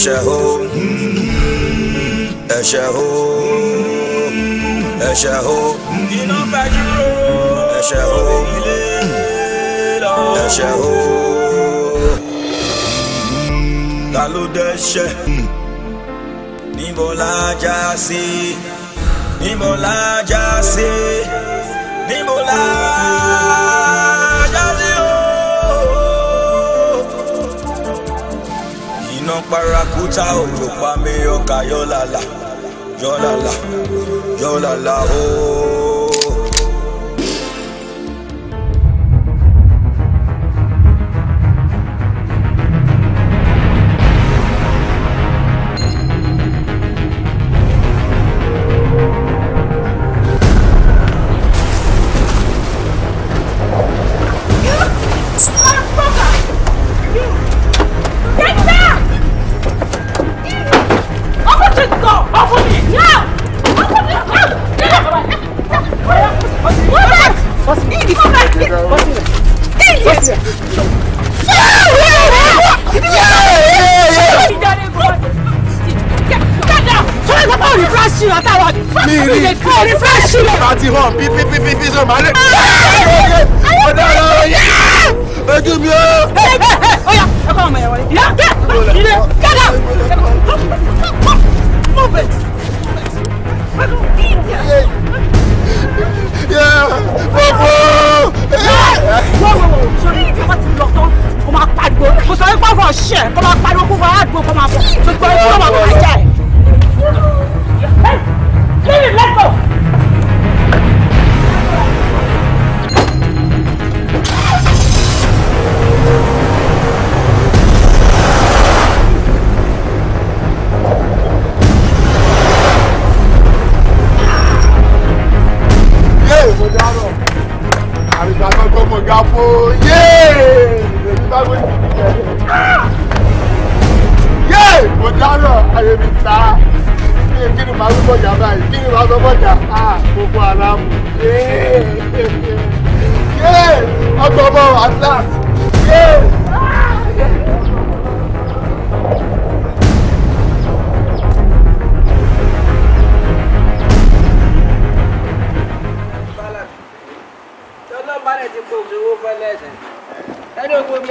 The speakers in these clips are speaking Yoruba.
ẹ̀ṣẹ̀ o ẹ̀ṣẹ̀ o ẹ̀ṣẹ̀ o iná fàjúrò ẹ̀ṣẹ̀ o ẹ̀ṣẹ̀ o ta ló dẹ́ṣẹ̀ níbo la já sí níbo la já sí níbo la. parakuta òjò oh, pa mi ọkà oh, yọlala yọlala yọlala ooo. Oh.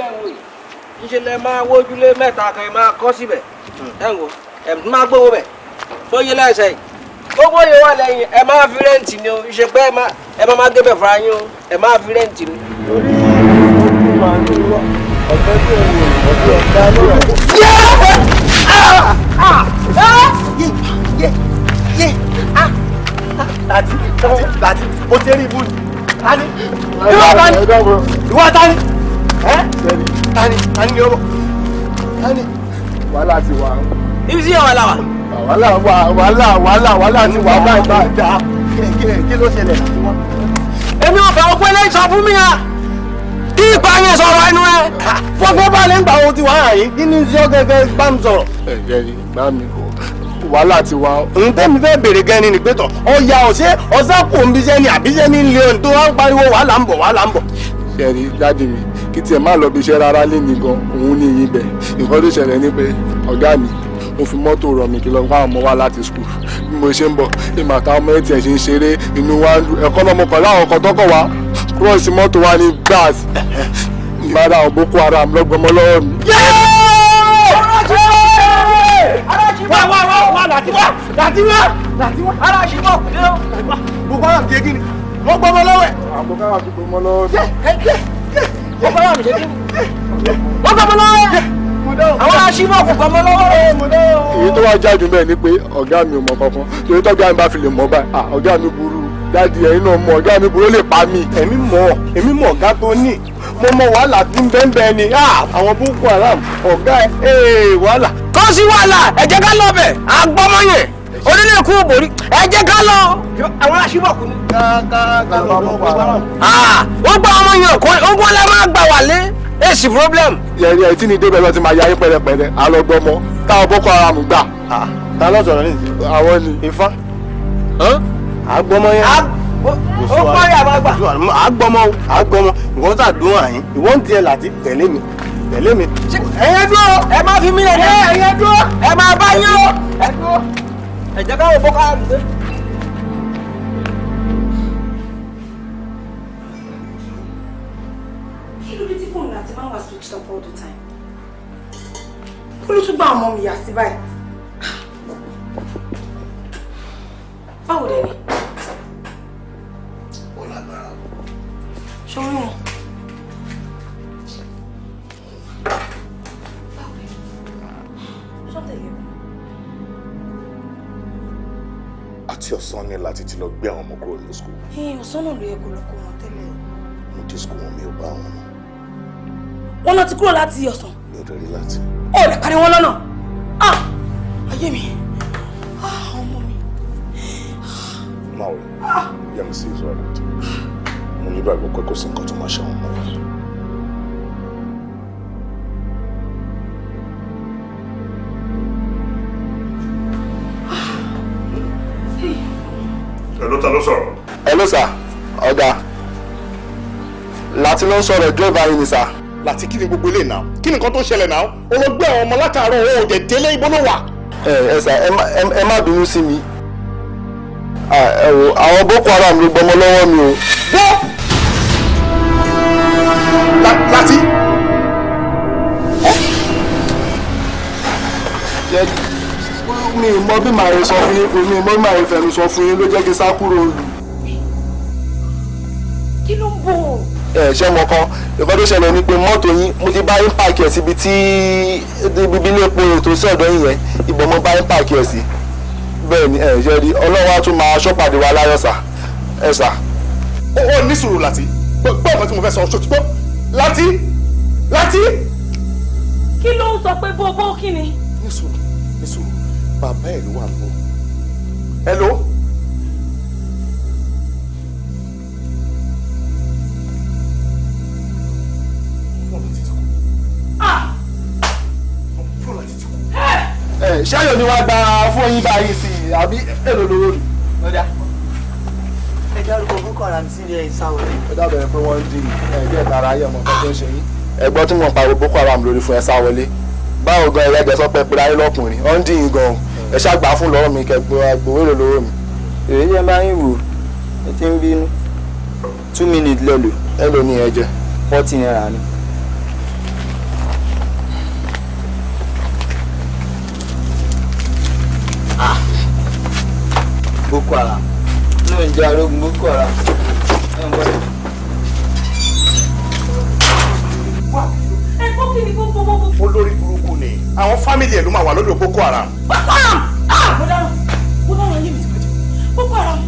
ilé ẹ̀wò yìí níṣẹ́ lẹ máa wójúlé mẹ́ta kan ẹ máa kọ́ síbẹ̀ ẹ̀ ń wo ẹ̀ máa gbówó bẹ̀ tó yé lẹ́sẹ̀ yìí gbogbo yìí wà lẹ́yìn ẹ máa fi rẹ́ǹtì ni o ṣe pé ẹ máa máa bẹ̀ fúnra yín o ẹ máa fi rẹ́ǹtì ni. torí ìlú máa ń lọ ọ̀fẹ́ tó ni. ìwọ ta ni ìwọ ta tani tani ni wàhálà ti wà. ibi wà wàhálà wà wàhálà wàhálà wàhálà ti wà báyìí bá da kí ló ṣẹlẹ̀ láti wá. èmi ò fẹ́ ọgbẹ́ sọ fún mi à kí ìgbà yẹn sọ̀rọ̀ ẹnu ẹ. bá lè ti yìí kí ni bá mi sọ̀rọ̀. ẹ mi kọ wàhálà ti wá tẹ́mi fẹ́ bèrè gan ni pé tọ̀ kí tiẹ̀ má lọ bí iṣẹ́ rárá lé gan òun ní ìyìn bẹ̀ nǹkan tó ṣẹlẹ̀ ni pé ọ̀gá mi mo fi mọ́tò rọ̀ mí kí lọ fún àwọn ọmọ wa láti skul bí mo ṣe ń bọ̀ ìmọ̀ àtàwọn ọmọ ẹ̀tì ẹ̀ ṣe ń ṣeré inú wa ń lu ẹ̀kọ́ lọ́mọ pẹ̀lú àwọn ọkọ̀ tọ́kọ̀ wa kúrọ̀sì mọ́tò wa ní gbàs ìbára àwọn boko haram lọ́gbọ̀mọ lọ́wọ́ mi. wá wọ́n fẹ́ wà mí létí wọ́n gbọ́ mọ́ lọ́wọ́ àwọn aṣíwọ́ kò gbọ́ mọ́ èyí tó wá jáde bẹ́ẹ̀ ni pé ọ̀gá mi ò mọ kankan torí tọ́gá mi bá fi lè mọ báyìí ọ̀gá mi burú dáàdi ẹ̀yin náà mọ ọ̀gá mi burú lè pa mi. èmi mọ̀ èmi mọ̀ ọ̀gá tó ní mo mọ wàhálà tí ń bẹ́ẹ̀nbẹ́ẹ́ ni àwọn Boko Haram ọ̀gá ẹ̀ wàhálà. kọ́sí wàhálà ẹ̀jẹ̀ ká lọ bẹ̀ àgbọ̀mọyẹ̀ onílé kú borí ẹ jẹ́ ká lọ. àwọn aṣíbọ̀kú ni. ó gba ọmọ yẹn kó ó gbọ́n lẹ́ máa gbà wálé èsì problem. yẹ̀rin ẹ̀ tí ni débẹ̀ lọ ti máa yáyé pẹ̀lẹ́pẹ̀lẹ́ alọ́gbọ́mọ táwọn boko haram gbà. ta ló sọ̀rọ̀ ní ìsìn. àwọn ni. ifá. àgbọmọ yẹn. ó parí àbágbà. àgbọmọ àgbọmọ ìwọ́n tàdúrà yín ìwọ́n tiẹ̀ láti tẹ̀lé mi tẹ̀lé mi. ẹ̀yẹ́ dúró ẹ má fi mí lẹ̀ dẹ́ ẹ̀yẹ́ dúró ẹ má bá yín o ẹ jẹ́ káwọn boko haram dé. kí ló dé tí fóònù àti switched off all the time kí ló tún gba ọmọ mi yà sí báyìí. báwo dẹ̀ ni. ó lágbára. sọ́wọ́n láti ọ̀sán ni láti ti lọ gbé àwọn ọmọ kúrò ní skul. ẹyin náà ló yẹ kó lọ kó wọn tẹ́lẹ̀. mo dé skul wọn mi ò bá wọn mọ. wọn lọ ti kúrò láti ọ̀sán. mi ò dẹ̀rí láti. ó rẹ̀ parí wọn lọ́nà. Ah! ayé mi ah, ọmọ mi. máa wọ ah! yẹmi sí ìṣòro àdàdì mo nígbàgbọ́ pé kò sí nǹkan tó máa ṣe àwọn ọmọ yìí. ló sà ọ̀gá láti ló ń sọ̀rọ̀ dírẹ́fà yìí ni sà. láti kí ni gbogbo ilé náà kí ni nǹkan tó ṣẹlẹ̀ náà olóògbé àwọn ọmọ látàárọ̀ owó òde délé ibo ló wà. ẹ ẹ sà ẹ má bínú sí mi àwọn boko haram ló gbọmọ lọ́wọ́ mi o. wọ́n láti. mi ò mọ bí màá sọ fún yín mi ò mọ bí màá fẹnu sọ fún yín ló jẹ́ kí sá kúrò lù ẹ ṣe mọ kan nǹkan tó ṣẹlẹ̀ ni pé mọ́tò yín mo ti bá yín pààkì ẹ̀ síbi tí bíbí ilé epo ètò sí ọ̀dọ̀ yín yẹn ibò mo bá yín pààkì ẹ̀ sí bẹ́ẹ̀ ni ẹ ṣe rí ọlọ́wọ́ á tún máa ṣọ́pàdé wa láyọ̀ sà ẹ sà. ó ó ní sùúrù láti gbọ́ ọ̀kan tí mo fẹ́ sọ ṣòtí gbọ́ láti láti. kí ló ń sọ pé bó bó kí ni. ní sùúrù ní sùúrù bàbá ẹ̀ ló wà lọ. ẹ lọ. ṣáyọ̀ ni wàá gba fún yín báyìí sí i àbí èlò lówó ni. ọ̀dà ẹ dárúkọ boko haram sí ilé ìsáwọ̀ rẹ̀. ó dábẹ̀rẹ̀ pé wọ́n ń di ẹgbẹ́ ìtara ayé ọmọ kan tó ń ṣe yín. ẹgbọ́n tí wọ́n pariwo boko haram lórí fún ẹ sáwọlé báwo gan ẹlẹ́gbẹ́ sọ pé pẹ́lá lọ́kùnrin ó ń dín in gan ẹ ṣàgbà fún lọ́rọ̀ mi kẹgbọ́n èrò lọ́wọ́ mi. èrè yẹn bá yín wò ẹ ti ń bínú two minutes lẹ́lò. ẹ lò ní ẹ̀jẹ̀. forty naira ni. boko haram náà ń jẹ́ arógun boko haram ẹ̀ ń bọ́lẹ̀. olórí burúkú ni àwọn fámìlì ẹ̀ ló máa wà lọ́dọ̀ boko haram. boko haram ah! mo dára mo dára yé mi ti boko haram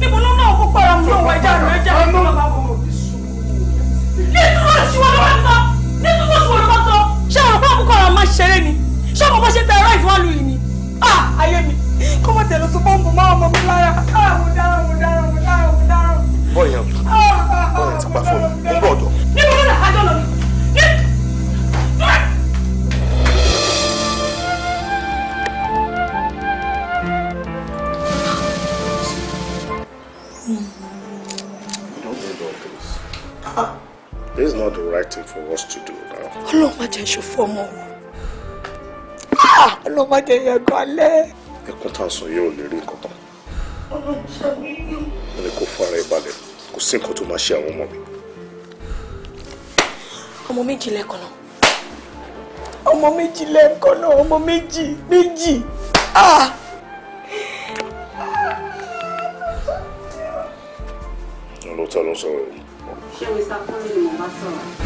níbo ló náà boko haram ló wà ẹja rẹ ẹja rẹ ló bá wọ. nítorí oṣù wo sọ nítorí oṣù wo sọ ṣé àwọn boko haram máa ṣeré ni ṣé àwọn bá ṣe tẹ ẹ̀rọ ìfọwọ́lù yìí ni ah! ayé mi kó mọ̀ tẹ̀lé sọ pọ́ǹpù mọ́ ọmọ mi This is not the right thing for us to do now. Ọlọ́run má jẹ́ ṣòfò ọmọ. Ah, Ọlọ́run má jẹ́ yẹn gan alẹ́ ẹkún tá à ń sọ yóò lè rí nǹkan kan mo ní kó fara ẹ balẹ̀ kò sí nǹkan tó máa ṣe àwọn ọmọ mi. ọmọ méjì lẹ́ẹ̀kan náà ọmọ méjì lẹ́ẹ̀kan náà ọmọ méjì méjì ah. lóòótọ́ ló ń sọ̀rọ̀ yìí. ṣé mr conley mo bá sọ̀rọ̀.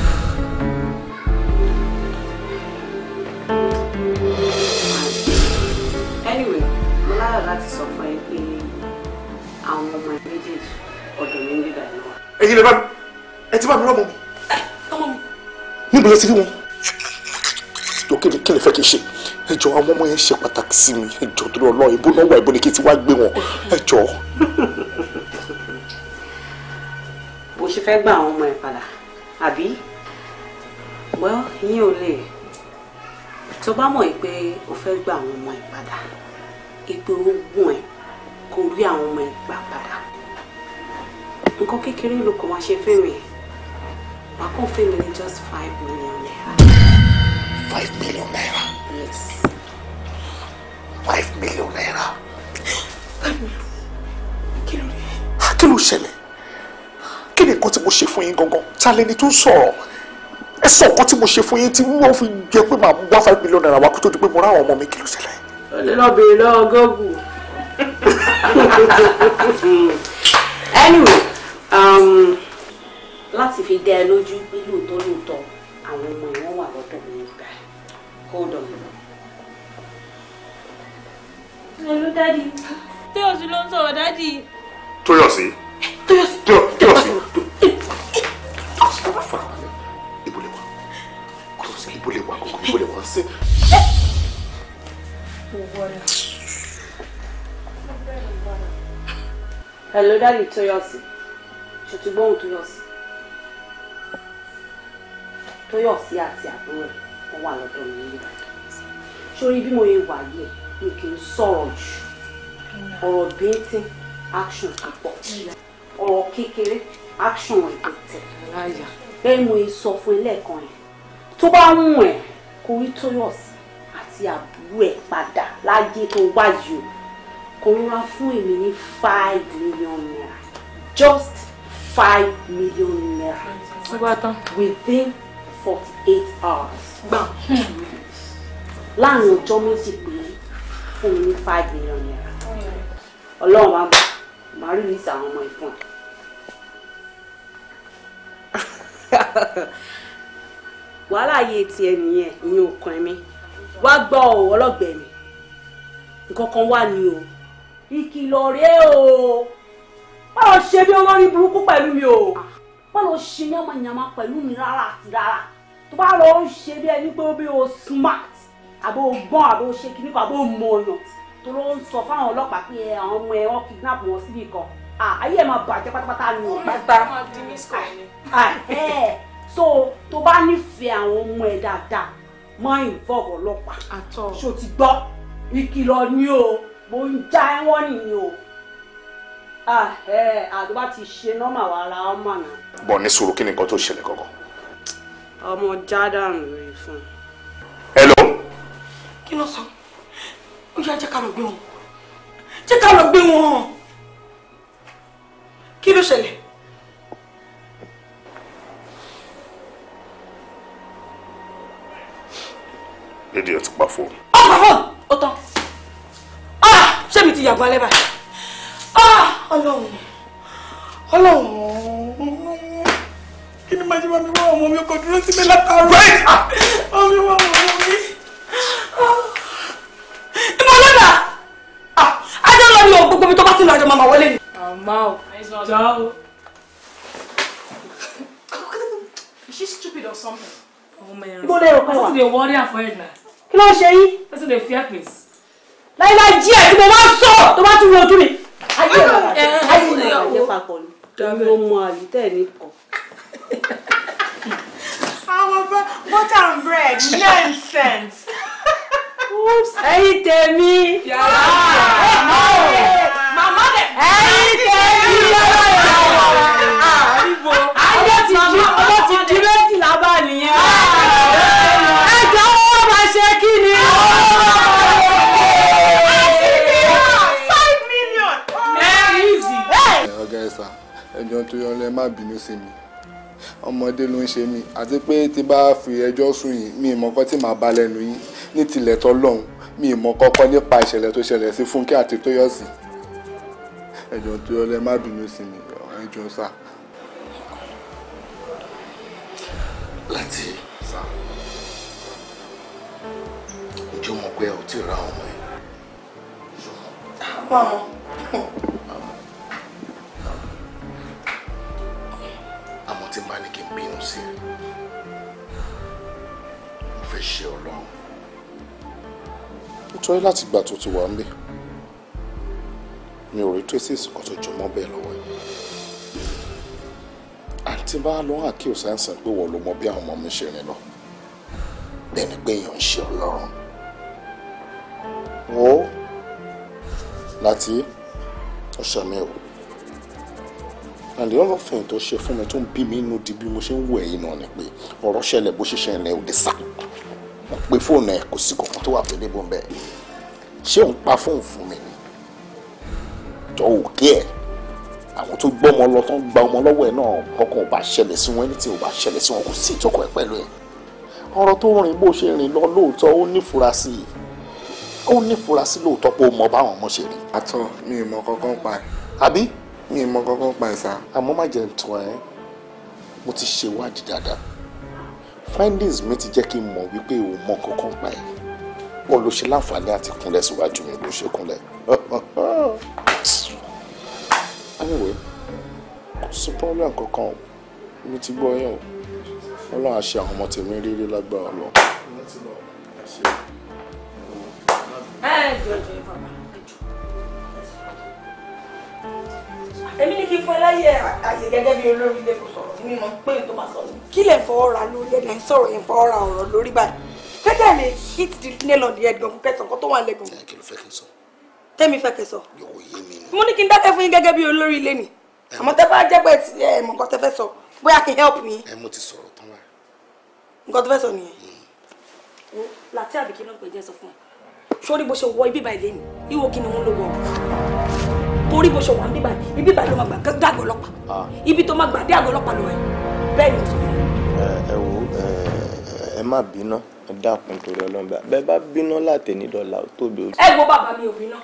láyọ̀ láti sọ fún ẹ pé àwọn ọmọ ẹ méjèèjì ọ̀dọ̀ mi ń gbé dàní wa. ẹ̀yin lè bá mi ẹ ti bá mi rọ́ọ̀mù mi. ọmọ mi. níbo lẹ ti rí wọn. jọ kí ni kí ni fẹ́ kí n ṣe ẹ jọ àwọn ọmọ yẹn ṣe pàtàkì sí mi ẹ jọ torí Ọlọ́run ibo náà wà ibo ni kí n ti wá gbé wọn ẹ jọ. bó ṣe fẹ́ gba àwọn ọmọ ẹ padà àbí well yín ò lè tó bá mọ̀ pé o fẹ́ gba àwọn ọmọ ẹ padà pé ó gùn ẹ kó rí àwọn ọmọ ẹ gbà padà nǹkan kékeré ló kàn wá ṣe fẹ́mi ẹ wàá kàn fẹ́mi ní just five million naira. five million naira. yes. five million naira. kí ló dé. Ah, kí ló ṣẹlẹ̀ kí ni nǹkan tí mo ṣe fún yín gangan ta lẹni tó ń sọ̀rọ̀ ẹ sọ nǹkan tí mo ṣe fún yín tí wọ́n fi jẹ pé màá wá five million naira wá kó tó di pé mo rá àwọn ọmọ mi kí ló ṣẹlẹ̀ ó lọ béèrè lọ́wọ́ gọ́gù. anyway um, láti fi dá ẹ lójú pé lóòótọ́ lóòótọ́ àwọn ọmọ wọn wà lọ́dọ̀ mi gbà hold on. hello dadi tóyọ̀sí ló ń sọ̀rọ̀ dadi. tóyọ̀sí. tóyọ̀sí. tóyọ̀sí. tóyọ̀sí. ibo lè wà ibo lè wà ibo lè wà sí water. Hello, Daddy Toyosi. Ṣé ti gbóhùn Toyosi? Toyosi ati àbúrò ẹ̀ wọ́n wà lọ́dọ̀ mi nílé Ìbàdàn. Sórí bí mo yẹ wà yìí, mi kì í sọ̀rọ̀ jù. Ọ̀rọ̀ action púpọ̀. Ọ̀rọ̀ kékeré, action ìpètè. Bẹ́ẹ̀ mo yẹ sọ fún ilé ẹ̀kan yẹn. Tó to ń wù ẹ̀, kò rí Toyosi Ati àbúrò ìlú ẹ̀ padà láyé tó wáyé o kò ń ra fún èmi ní five million naira just five million naira within forty eight hours gbà láàrin ọjọ́ méjì péré fún mi ní five million naira ọlọ́run wa bá màá rí ní ìsàwọn ọmọ ìfún ẹ̀. wàhálà yìí tiẹ̀ nìyẹn ìyẹn ò kàn mí wá gbọ́ ò ọlọ́gbẹ̀ẹ́ mi nǹkan kan wà ní o ìkìlọ̀ rèé o má lọ ṣe bí olórí burúkú pẹ̀lú mi o má lọ ṣe yánmayànmá pẹ̀lú mi rárá àti rárá tó bá lọ ṣe bí ẹni pé ó bí o smart àbó o gbọ́n àbó o ṣe kíní kan àbó o mọ ọ̀yàn tó ló ń sọ fáwọn ọlọ́pàá pé àwọn ọmọ ẹ wọn kidnap wọn síbì kan ayé ẹ máa bàjẹ́ pátápátá ni ò pátá so tó bá nífẹ̀ẹ́ àwọn ọmọ ẹ dáadáa má involve ọlọ́pàá ṣó ti gbọ́ ìkìlọ̀ ni o mo ń já ẹ̀wọ̀n nìyí o ah, eh, àdúrà ti ṣe nọ́mà wa ara ọmọ àná. bọ̀ ní sùúrù kí ni nǹkan tó ṣẹlẹ̀ kankan. ọmọ jádàánù rèé fún un. hello. kí ló sọ ó yá jẹ́ ká lọ gbé wọn jẹ́ ká lọ gbé wọn kí ló ṣẹlẹ̀. lédi ẹ̀ ti pa fóònù. ọkọ fóònù ó tán ṣé mi ti yàgbọ́ alẹ́ báyìí ọlọ́run ọlọ́run kí ni màá ṣe máa fi wá ọmọ mi kò dúró sí mi látàárọ̀ ọmọ mi wá ọmọ mi. ìmọ̀ lọ́dà ajá lọ ni o gbogbo mi tó bá ti lọ àjọ màmá wọlé ni. màmá o jọ o. Is she stupid or something? Oh, man. Go there, go there. What's the worry for it now? kí ló ń ṣe yín. lọ́sọ̀ lè fi àpèsè. láìláì jí ẹ̀ tí mo bá sọ̀rọ̀ tó bá ti wo ojú mi. ayé ọ̀rọ̀ ayé papọ̀ ni mo mọ àlùtẹ̀ ní kọ. àwọn butter and bread nonsense. ẹyin tèmi. yàrá màmá rẹ̀. ẹyin tèmi. yàrá rẹ̀. àyè ti jí ọ. ẹjọ́ tó yọ lẹ́ má bínú sí mi ọmọdé ló ń ṣe mí àti pé tí bá fi ẹjọ́ sùn yìí mi ì tí màá bá lẹ́nu yín ní tilẹ̀ tọ́lọ́hún mi ì mọ̀kọ́kọ́ nípa ìṣẹ̀lẹ̀ tó ṣẹlẹ̀ sí Fúnkẹ́ àti Tóyọ̀sí ẹjọ́ tó yọ lẹ́ má bínú sí mi ẹjọ́ sà. láti sà ojú mọ̀ pé ò ra ọmọ ẹ̀ ṣùgbọ́n. àwọn tí n bá ní kí n bínú sí ẹ mo fẹ́ ṣe ọlọ́run. ó tọ́ láti gbà tó ti wà ń bẹ̀ mi ò rí traces kan tó jọ mọ́ bẹ́ẹ̀ lọ́wọ́ yìí àǹtí bá lọ́wọ́ àkíyèsí àìsàn pé wọ́n ló mọ bí àwọn ọmọ mi ṣe rìn lọ bẹ́ẹ̀ ni pé èèyàn ń ṣe ọlọ́run wo láti ọ̀sẹ̀ mi ò and the other thing tó ṣe fún mi tó ń bí mi inú di bí mo ṣe ń wò ẹ̀yìn náà ni pé ọ̀rọ̀ ṣẹlẹ̀ bó ṣe ṣẹlẹ̀ òde sá mo pe fóònù ẹ̀ kò sí kankan tó wà fẹ́lẹ́ bọ́ bẹ́ẹ̀ ṣé òun pa fóònù fún mi ni jọ òkè ẹ̀ àwọn tó gbọ́ ọmọ lọ tó ń gba ọmọ lọ́wọ́ ẹ̀ náà kọ́kọ́ ò bá ṣẹlẹ̀ sí wọn ẹni tí ò bá ṣẹlẹ̀ sí wọn kò sí ìtọ́kọ̀ ẹ̀ pẹ̀lú ẹ̀ ọ̀rọ̀ tó rìn bó ṣe rìn lọ lóòótọ́ ó nífura sí i ó nífura sí lóòótọ́ pé ó mọ báwọn ọmọ ṣe rí. àtọ mi ì mọ kankan pa ẹ. àbí mi ì mọ kankan pa ẹ̀ sá. àmọ́ má jẹ́ ntọ́ ẹ mo ti ṣèwádìí dáadáa findings mi ti jẹ́ kí n mọ̀ wípé o mọ kankan pa ẹ̀ wọ́n ló ṣe láǹfààní àti kúnlẹ̀ síwájú mi ló ṣe kúnlẹ̀. anyway kò sí problem kankan mo ti gbọ́ yẹn o wọ́n lọ́n àṣẹ àwọn ọmọ tèmi rírí lágbára lọ. ẹ jọjọ ìfọ̀mọ́. èmi ní kí n fún ẹ láyé àyè gẹ́gẹ́ bí olórí ilé kò sọ̀rọ̀ mi mọ̀ pé n tó máa sọ ni. kí lè fọwọ́ ra lórí ẹ̀ ń sọ̀rọ̀ yẹn fọwọ́ ra ọ̀rọ̀ lórí báyìí tẹ́tẹ́ mi hit the nail on the head gan fẹ́ sàn kó tó wà lẹ́gàn. ẹ kí ló fẹ́ kí n sọ. tẹ́mi fẹ́ kí n sọ. yòówó yé mi ni. mo ní kí n dákẹ́ fún yín gẹ́gẹ́ bí olórí ilé ni àmọ́ tẹ́ bá jẹ́ pé ẹ mọ̀ nǹkan tẹ́ fẹ́ sọ bóyá kí n help yín. ẹ mo ti sọ̀rọ̀ tán wá. nǹkan tó fẹ́ sọ nìyẹn. Mm. wo làtí àbíkí náà pè jẹ́ sọ fún ẹ sórí bó ṣe wọ ibi báyìí lẹ́nu ìwọ kí ni wọ́n ló wọ̀ ọ́ orí bó ṣe wà ń bíbà yìí bíbà ló máa gbà dé àgọ́ ọlọ́pàá ibi tó máa gbà dé àgọ́ ọlọ́pàá ló wà bẹ́ẹ̀ ni sọ fún un. ẹ wo ẹ má bínú ẹ dákun torí Ọlọ́run bẹ́ẹ̀ bá bínú látẹnidọ́là ó tóbi ojú. ẹ wo bàbá mi ò bínú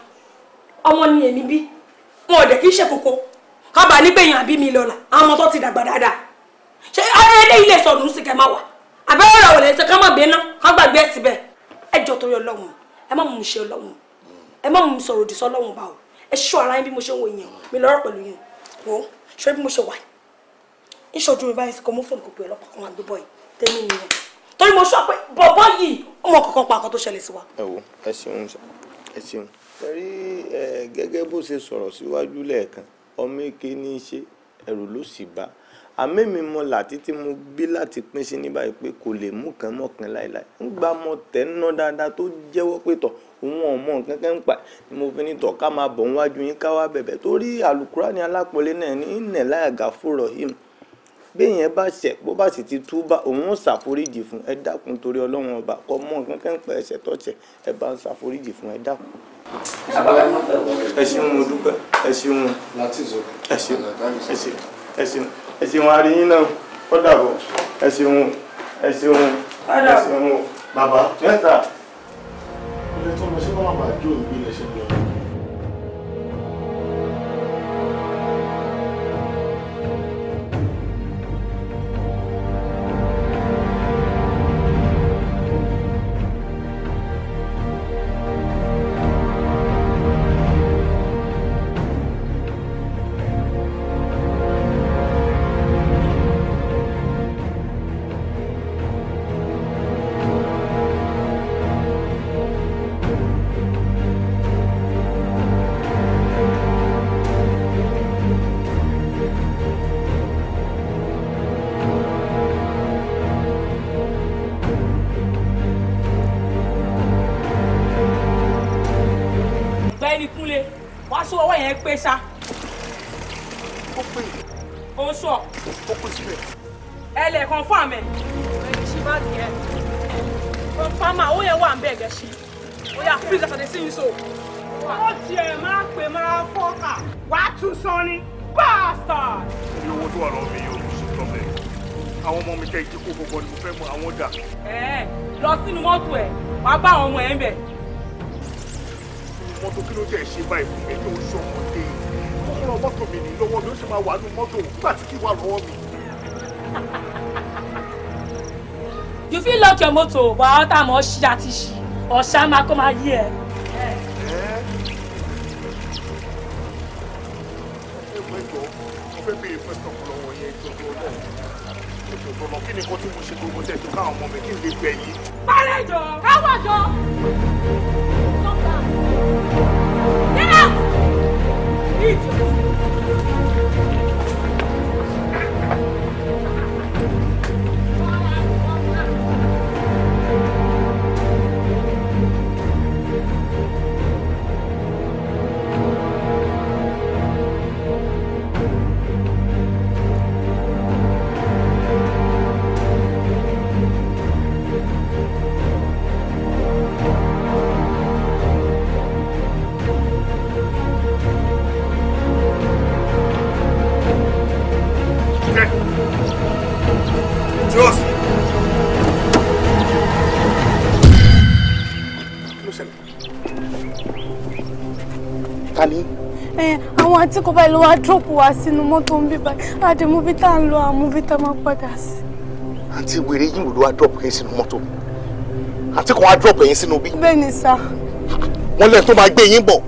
ọmọ ni èmi bí wọn ò dẹ̀ kí í ṣe kókó kábàá nígbè yàn àbí mi lọ́la àwọn tó ti dàgbà dáadáa ṣé eléyìí lè sọ̀rọ̀ ń sì kẹ́ máa wà àbẹ́wò ẹ̀ síbẹ̀ ẹ ṣọ́ ara yín bí mo ṣe ń wo èèyàn mi lọ́rọ̀ pẹ̀lú yín wò ó ṣé bí mo ṣe wà ìṣojú mi báyìí sí kò mú fóònù kò pé ọlọ́pàá kan àgbé bọ́ọ̀ tẹ́lẹ̀ mi yẹn torí mo ṣọ́ pé bọ̀bọ́ yìí ọmọ kankan pa nǹkan tó ṣẹlẹ̀ sí wa. ẹ wo ẹ ṣeun ẹ ṣeun torí gẹ́gẹ́ bó ṣe sọ̀rọ̀ síwájú lẹ́ẹ̀kan ọmọ èké ní í ṣe ẹ̀rù ló sì bá àmẹ́mi mọ làtí tí mo gbé láti pín sí ní báyìí pé kò lè mú kan mọ́kan láìláì ń gba mọ tẹ̀ ń ná dáadáa tó jẹ́wọ́ pé tọ̀ òun ọmọ nǹkan ń pa ni mo fi ní tọ̀ ká máa bọ̀ níwájú yín ká wá bẹ̀bẹ̀ torí àlùkùránì alápọ̀lé náà ní ìnẹ̀ láyàgà fúrọ̀ yìí béèyàn bá ṣẹ̀ bó bá sì ti tú bá òun ó ṣàforíjì fún ẹ dákun torí ọlọ́run ọba kọ mọ nǹkan ẹ bá ẹ ṣeun ẹ ṣeun ẹ ṣeun ẹ ṣeun ẹ ṣeun àríyìn náà ó dàbọ̀ ẹ ṣeun ẹ ṣeun ẹ ṣeun bàbá mẹ́ta. ilé lọ sí wọn àbájọ ìgbé iṣẹ́ ìdíkò gbogbo ni mo fẹ́ mọ àwọn ọ̀dà. ẹ lọ sínú mọ́tò ẹ wàá bá àwọn ọmọ ẹ ń bẹ̀. mọ́tò kí ló tẹ̀ ṣe báyìí fún mi tó ń ṣe ọmọdé kọ́kọ́rọ́ mọ́tò mi ní lọ́wọ́ mi ó sì máa wà nínú mọ́tò nígbà tí kì í wà lọ́wọ́ mi. you fit lock your motor but á tà mọ́ ṣí àti ṣí ọ̀ṣá máa kọ́ máa yí ẹ. ẹ ẹ mọ ẹjọ mo fẹ́ bèèrè fẹsọ ọpọlọ wọn yẹn ìjọba Ọlọ́run kí o tó lọ kí ni kó tí mo ṣe gbogbo tẹ̀ káwọn ọmọ mi kí n lè gbẹ yìí. párẹ́ jọ káwọ̀ jọ. Get out! Idiot! tí kò báyìí ló wá drop wá sínú mọ́tò ń bí báyìí àdè mubi tá à ń lọ àwọn mubi tá a máa padà sí. àǹtí wèrè yìí ló wá drop yẹn sínú mọ́tò àǹtí kan wá drop yẹn sínú bí. bẹ́ẹ̀ ni sá. wọ́n lẹ́yìn tó máa gbé yín bọ̀.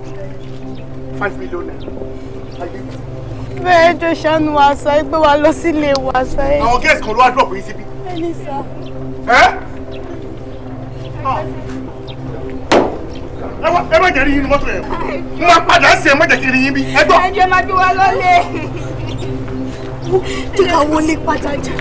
five million naira. bẹ́ẹ̀ jọ ṣàánú wa sá ẹgbẹ́ wa lọ sílé wa sá. àwọn gẹ́sì kan ló wá drop yín síbí. bẹ́ẹ̀ ni sá. ẹ́ ẹ má jẹ́ rí yín ní mọ́tò yẹn mo máa padà sí ẹ má jẹ́ kí rí yín bí ẹ gbọ́. ẹ jẹ́ máa bí wa lọ́lẹ̀. jẹ́ ká wọlé padà jà.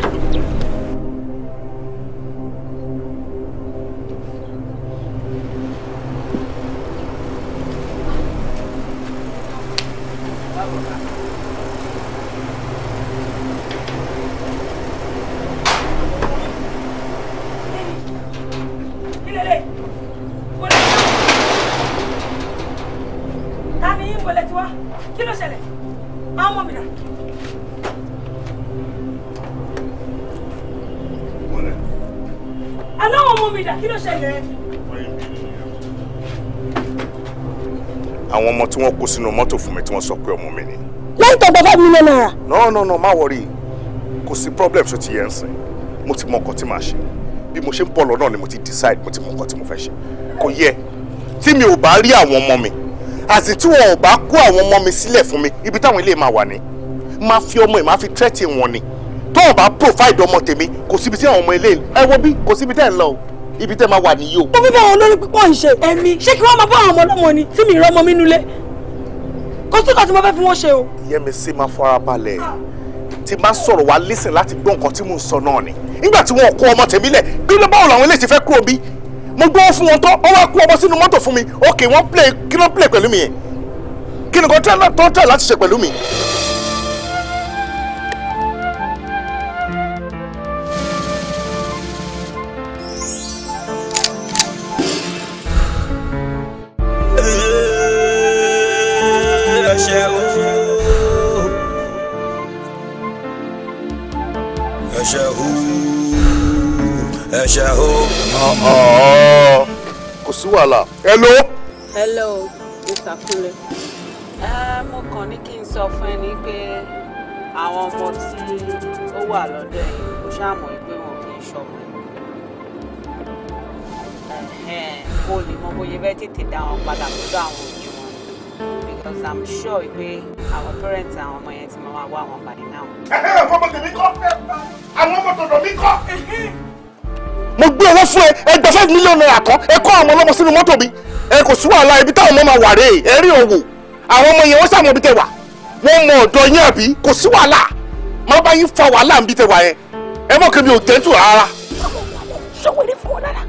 ìbọ̀lẹ̀ ti wá kí ló ṣẹlẹ̀ àwọn ọmọ mi rà. aláwọ̀ ọmọ mi rà kí ló ṣẹlẹ̀. àwọn ọmọ tí wọ́n kó sínú mọ́tò fún mi tí wọ́n sọ pé ọmọ mi ni. lẹ́yìn tó gba five million naira. no no no má wọrí kò sí problem ṣó ti yẹ ń sìn mo ti mọ nǹkan tí màá ṣe bí mo ṣe ń bọ̀ lọ ni mo ti decide mo ti mọ nǹkan tí mo fẹ́ ṣe kò yẹ tí mi ò bá rí àwọn ọmọ mi àti tí wọn ò bá kó àwọn ọmọ mi sílẹ̀ fún mi ibi táwọn ilé máa wà ní máa fi ọmọ ẹ̀ máa fi tẹ́tì wọn ni tó wọn bá provide ọmọ tèmi kò síbi tí àwọn ọmọ ilé ẹ wo bí kò síbi tẹ́ ẹ̀ lọ o ibi tẹ́ máa wà nìyí o. bóbí báwọn olórí pípọ̀ ń ṣe ẹ̀mí ṣé kí wọ́n máa bá àwọn ọmọ ọlọ́mọ ni tí mi ìrọ́mọ mi nulẹ̀ kó sí kan tí mo fẹ́ fi wọ́n ṣe o. Yẹ́misí máa fara balẹ̀ tí máa sọ̀rọ̀ wá listen láti gbọ́ nǹkan tí mò ń sọ náà ni nígbà tí wọn kó ọmọ tèmi lẹ̀ bí ló báwo làwọn eléyìí ti fẹ́ kúrò bí mo gbọ́ fún wọn tán wọ́n wá kó ọmọ sínú mọ́tò fún mi ok wọ́n play kí ló play pẹ̀lú mi yẹn kí ni kan tó tẹ̀ láti ṣe pẹ̀lú mi. sí wàhálà. hello. hello mr Kule. ẹ mo kàn ní kí n sọ fún ẹni pé àwọn ọmọ tí ó wà lọ́dọ̀ yìí kò ṣàmọ̀ pé wọn kì í ṣọmọ mo lè mọ bóyá bẹ́ẹ̀ tètè dá wọn padà lọ́dọ̀ àwọn òbí wọn because i'm sure pé àwọn parents àwọn ọmọ yẹn ti máa wá wọn padà náà. ẹ ẹ ọmọ tèmi kọ́ àwọn ọmọ tọ̀dọ̀ mi kọ́ mo gbé owó fún ẹ ẹ gba five million naira kan ẹ kọ́ àwọn ọlọ́mọ sínú mọ́tò mi ẹ kò sí wàhálà ibi táwọn ọmọ máa wà rèé ẹ rí òwò àwọn ọmọ yẹn wọ́n sàmọ́ ibi tẹ wà wọ́n mọ ọ̀dọ̀ yín àbí kò sí wàhálà má bá yín fa wàhálà ibi tẹ wà yẹn ẹ mọ̀ kébi ò tẹ́tù rárá. sọ́wọ́ ni fún ọ lára.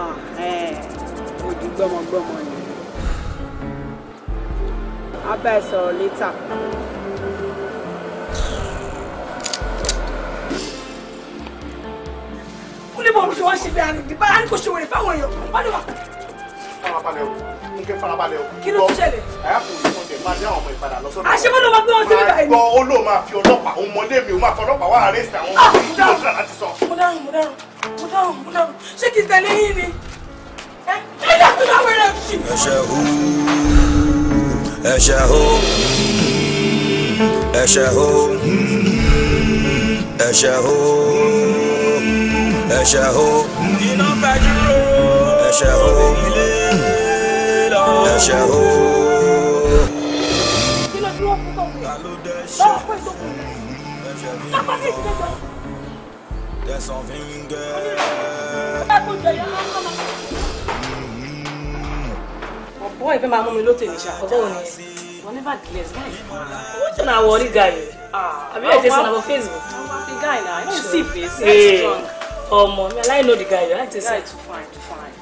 ah ẹ̀ eh, ojú gbọ́mọgbọ́mọ ni á bá ẹ sọ̀rọ̀ létà. kúlẹ̀ bọ̀ olùsọ̀wọ́ ṣe bẹ́ẹ̀ ni bá a ní kò ṣe wẹ̀rẹ̀ fáwọn èèyàn wọ́n ní wà. farabalẹ̀ o n kẹ́ farabalẹ̀ o. kí ló ń ṣẹlẹ̀. a yà kò ní kọ́ńtẹ̀ máa dé àwọn ọmọ ìpadà lọ́sọ̀rọ̀. àṣebọ́n ló máa gbé wọn síbi báyìí. máa gbọ́ ó lóun máa fi ọlọ́pàá òun mọ́lé mi òun máa fi ọlọ́pàá wá àrẹ́sì àwọn ọmọ ìjọba láti sọ. mo dárùn mo dárùn mo dárùn mo dárùn ṣé kì í tẹ̀lé yín ni. ẹ ẹ dàgbé máa wẹ̀rẹ̀ òṣì ẹ̀ṣẹ̀ o ẹ̀ṣẹ̀ o ẹ̀ṣẹ̀ o ẹ̀ṣẹ̀ o iná fẹ́jú ẹ̀ṣẹ̀ o ẹ̀ṣẹ̀ o. Tẹ̀sán fi ń gẹ́. Wọ́n my máa mú mi lóto ìníṣà ọ̀bọ̀ òní. Wọ́n guy. bàdí lẹ́sì báyìí. Wọ́n jẹ́ náà wọrí guy. Ah. Àbí ẹ̀ tẹ̀sán àbọ̀ Facebook. The guy na, I don't see face, he is strong. Ọmọ mi, I like know the guy, I like tẹ̀sán. The guy too fine, too fine.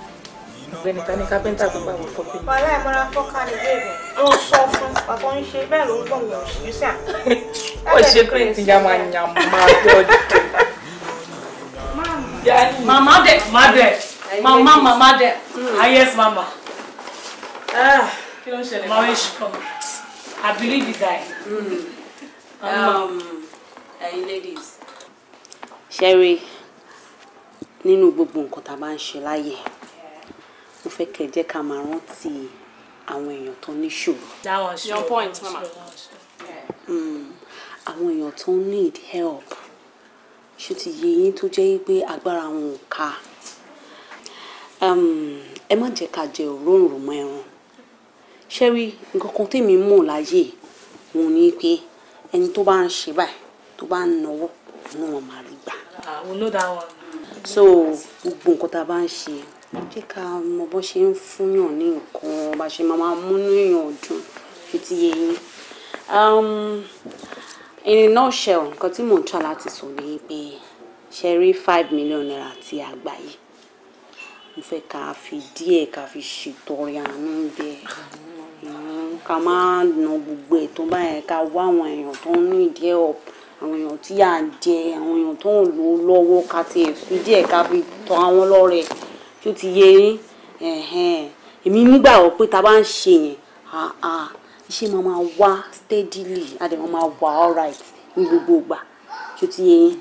Ọ̀gbẹ́ni ká ní kápẹ́ntà gbogbo àwọn kọ́pì. Bàbá ẹ̀gbọ́n ra fọ́ká ní bèbè. Ó sọ fún bàbá ń ṣe bẹ́ẹ̀ ló ń gbọ̀n lọ sí sà. Ó ṣe pé ti yamayama dọ́jú. Mama dẹ̀, mama dẹ̀, mama mama dẹ̀, hmm. ah yes mama. Ah, kí ló ń ṣẹlẹ̀. Maurice come I believe you hmm. die. Um, ladies. ṣẹ́rí nínú gbogbo nǹkan tá a bá ń ṣe láyè mo fẹ́ kẹ́ ẹ jẹ́ ká máa rántí àwọn èèyàn tó níṣòro. that was your point mama. Hmm. àwọn èèyàn tó need help ṣe ti yẹ yín tó jẹ́ pé agbára wọn ò ká um, ẹ má jẹ́ ká jẹ òróǹro mọ́ ẹran ṣẹ́rí nǹkan kan tèmi mọ̀ láyé òun ni pé ẹni tó bá ń ṣe báyìí tó bá ń náwó náà wọn máa rí gbà. so gbogbo nǹkan tá a bá ń ṣe jẹ́ ká mọ bó ṣe ń fúnyàn ní nǹkan bá ṣe máa múnú èèyàn dùn fi ti yé yín. Um, in a nutshell nǹkan tí mò ń tọ́ láti sọ ni pé ṣe rí five million naira ti àgbà yìí mo fẹ́ ká fi díẹ̀ ká fi ṣètọrẹ àánú bẹ́ẹ̀ ká má na gbogbo ètò báyẹn ká wá àwọn èèyàn tó ń ní ìdí ọ̀p àwọn èèyàn tí à ń jẹ àwọn èèyàn tó ń lò lọ́wọ́ ká ti fi díẹ̀ ká fi tọ́ àwọn lọ́rẹ̀ tó ti yé èmi nígbàgbọ́ pé ta bá ń ṣe yẹn iṣẹ́ máa máa wá steadily adé máa máa wà alright ní gbogbo ìgbà tó ti yé yín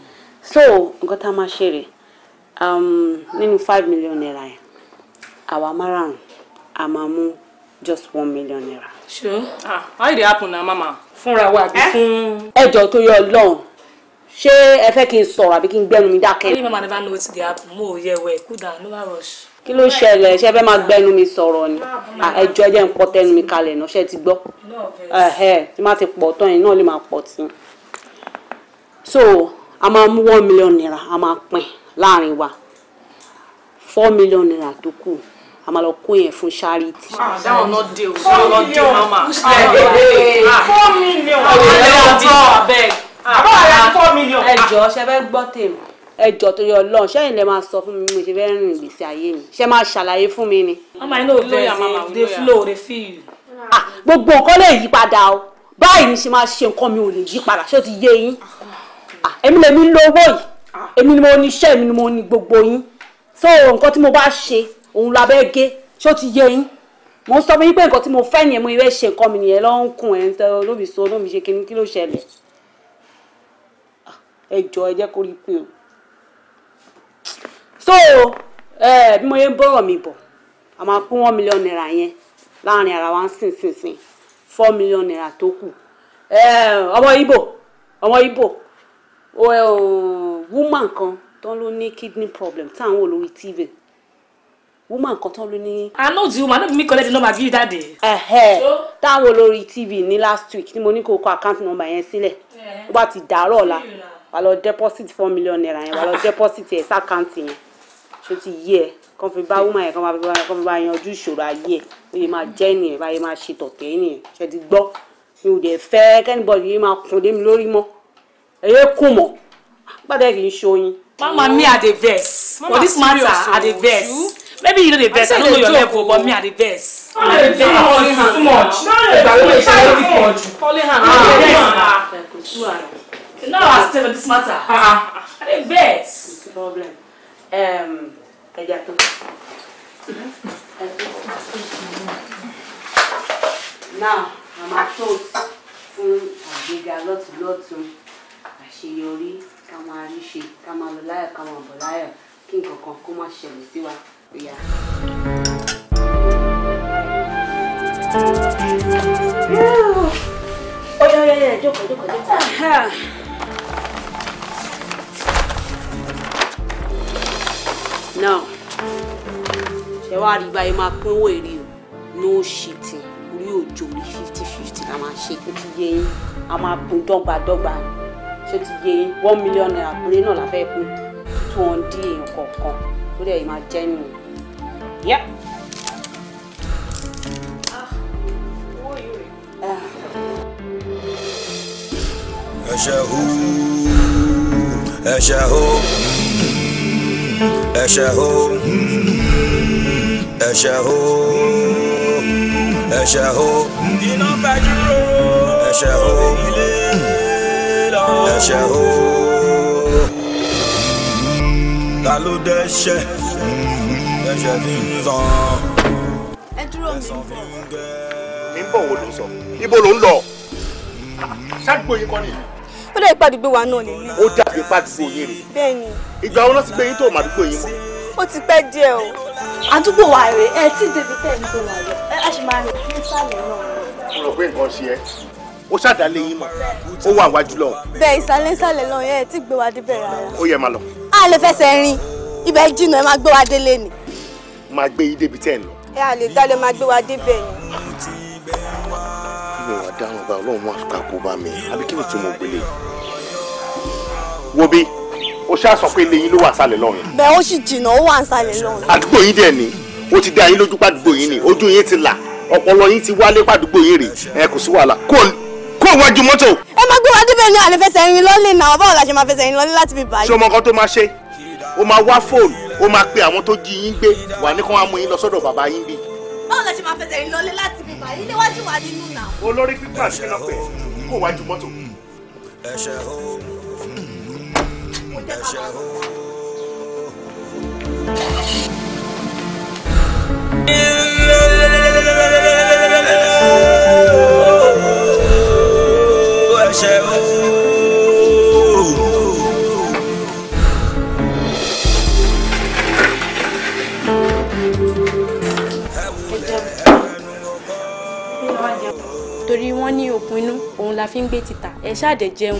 so nǹkan tá a máa ṣe rèé um, nínú five million naira yẹn àwa márùn-ún a máa mú just one million naira Sure. Ah, how did it happen now, Mama? Fúnra wa àbí eh? fún. Ẹjọ́ tó yọ lọ́hùn. Ṣé ẹ fẹ́ kí n sọ̀rọ̀ àbí kí n gbẹ́nu mi dákẹ́? Only mama never know wetin dey happen. Mo ò yẹ cool down, no rush. Kí ló ṣẹlẹ̀? Ṣé ẹ fẹ́ máa gbẹ́nu mi sọ̀rọ̀ ni? Ah, ah, Ẹjọ́ jẹ́ n pọ́ tẹnu mi kalẹ̀ náà, ṣé ẹ ti gbọ́? Ẹ̀hẹ́, tí má ti pọ̀ tán yìí náà lè máa pọ̀ sí. So, a máa mú one million naira, a máa pín láàrin wa. Four million naira tó kù. Cool a máa lọ kó yẹn fún charity. Ah, that one no dey mama. Ah, ah. four million ọ̀rẹ́ ọ̀tọ̀ abeg. àbá rẹ̀ four million. ẹ jọ ṣe fẹ́ gbọ́ tèmi ẹ jọ torí Ọlọ́run ṣẹyìn lẹ máa sọ fún mi mo ṣe fẹ́ rìn ìgbésí ayé mi ṣe máa ṣàlàyé fún mi ni. mama you know the the flow dey feel you. gbogbo nǹkan lè yí padà o báyìí ni ṣe máa ṣe nǹkan mi ò lè yí padà ṣé o ti yé yín èmi lèmi lówó yìí èmi ni mo ní iṣẹ́ èmi ni mo ní gbogbo yín so nǹkan tí mo bá ṣe òun la bẹ́ gé ṣó ti yé yín mo sọ fún yín pé nǹkan tí mo fẹ́ nìyẹn mo ìwé ṣe nǹkan mi nìyẹn ló ń kun ẹ̀ ń tẹ olómi so olómi ṣe kíni kí ló ṣẹlẹ̀ ẹ jọ ẹ jẹ́ kó rí pé o so bí mo yẹ ń bọ̀rọ̀ mi bọ̀ a máa pín one million naira yẹn láàrin ara wa ń sìn sìn sìn four million naira tó kù ọmọ ibo ọmọ ibo woman kan tó ló ní kidney problem táwọn olórí tv woman kan tán ló ní. i know the woman no be me collect the number give you that day. ẹhẹ táwọn olórí tv ní last week ni mo ní kó kọ account number yẹn sílẹ̀ wá eh. ti dàárọ̀ la wà lọ deposit four million naira yẹn wà lọ deposit ẹ̀ sàkáǹtì yẹn ṣó ti yí ẹ kàn fi bá woman yẹn kàn fi bá kàn fi bá yanjú ìṣòro ayé ẹ ó yẹ máa jẹ́ ènìyàn báyẹn máa ṣe tọ̀tẹ̀ ènìyàn ṣe ti gbọ́ mi ò dẹ̀ fẹ́ kẹ́nìbọ̀dì yìí máa kùn lé lórí mọ́ ẹ̀yẹ kùn mọ́ gbàdẹ́ kì í ṣoyin. mama me i dey vex for this matter i dey vex. Maybe you know the best. I, I don't know your level, but me are the best. No, no, it's too much. Too much. too much. Calling her. Ah, yes. Ah. No, I still this matter. Ah, ah. I the best. Problem. Um, I get to. Now, màmá toast fún àgbéga lọ́tùlọ́tù àṣeyọrí ká máa rí ṣe ká máa lọ láyọ̀ ká máa bọ̀ láyọ̀ kí nǹkan kan kó má Oh, Oya oya oya jókòó jókòó jókòó. Now, ṣe wá rí báyìí máa pínwó èrè o, no shitting, orí òjò rí fifty fifty la máa ṣe kó ti yé yín, a máa pín dọ́gbadọ́gba ṣé ti yé yín, one million naira péré náà la fẹ́ pín, two hundred èèyàn kọ̀ọ̀kan, lórí ẹ̀yìn máa jẹ́ nìyẹn. Yep. Eshahu, Eshahu, Eshahu, Eshahu, Eshahu, Eshahu, Eshahu, ta ló dẹ́ṣẹ̀. ẹsẹ̀ tí ń sàn. ẹ dúró mi bọ̀. mi ń bọ̀ wo ló sọ ibo ló ń lọ. ṣáàgbó yín kọ́ ni. ó lè pàdùgbò wa náà nìyí. ó dàbí pàdùgbò yín rè. bẹ́ẹ̀ni. ìgbà wo ló ti gbé yín tó màdùgbò yín mọ́. ó ti pẹ́ díẹ̀ o. àdúgbò wa rè é tí débi tẹ̀ ń gbé wa rè é a sì máa rìn sí ìsàlẹ̀ náà. mo rò pé nǹkan ṣe ẹ́ ó ṣàdálé yín mọ ó wà wájú lọ. bẹ́ẹ̀ ìsàlẹ̀ ìsàlẹ̀ náà yẹ ẹ ti gbé wa débẹ̀ rárá. ó yẹ máa lọ. a lè fẹsẹ̀ rìn ibẹ̀ jìnnà ẹ máa gbé wa délé ni máa gbé yín débi tẹ́ ẹ̀ lọ. ẹ à lè dálẹ̀ máa gbé wa débẹ̀ ni. mi ò wá dáhùn bá ọlọ́run máa ta kó bá mi àbí kí ni tí mo gbélé. wo bí o ṣáà sọ pé ilé yín ló wà sálẹ̀ lọ́run. bẹ́ẹ̀ ó sì jìnnà ó wà sálẹ̀ lọ́run. àdúgbò yín dẹ̀ ni ó ti dá yín lójú pàdúgbò yín ni ojú yín ti là ọpọlọ yín ti wálé pàdúgbò yín rè ẹ kò sí wàhálà kó kó wájú mọ́tò. ẹ máa gbé wa débẹ̀ ní àlefẹsẹ̀ yín lọ́lẹ̀ náà báwo la ṣe máa fẹsẹ̀ yín lọ́lẹ̀ láti fi báyìí. ṣé ọmọ kan tó máa ṣe ó máa wá fóònù ó máa pe àwọn tó jí yín gbé wà ní kó wá mú yín lọ sọ́dọ̀ bàbá yín bí. báwo la ṣe máa fẹsẹ̀ rìn lọlé láti bí bàyí léwájú wa nínú nà. olórí pípẹ́ àṣìkẹ́nà pẹ̀ kó wájú mọ́tò. ẹ̀ṣẹ̀ o ẹ̀ṣẹ̀ o. ilé ẹ̀ṣẹ̀ o. okùn inú òun la fi ń gbé títà ẹ ṣáàdẹ̀ jẹun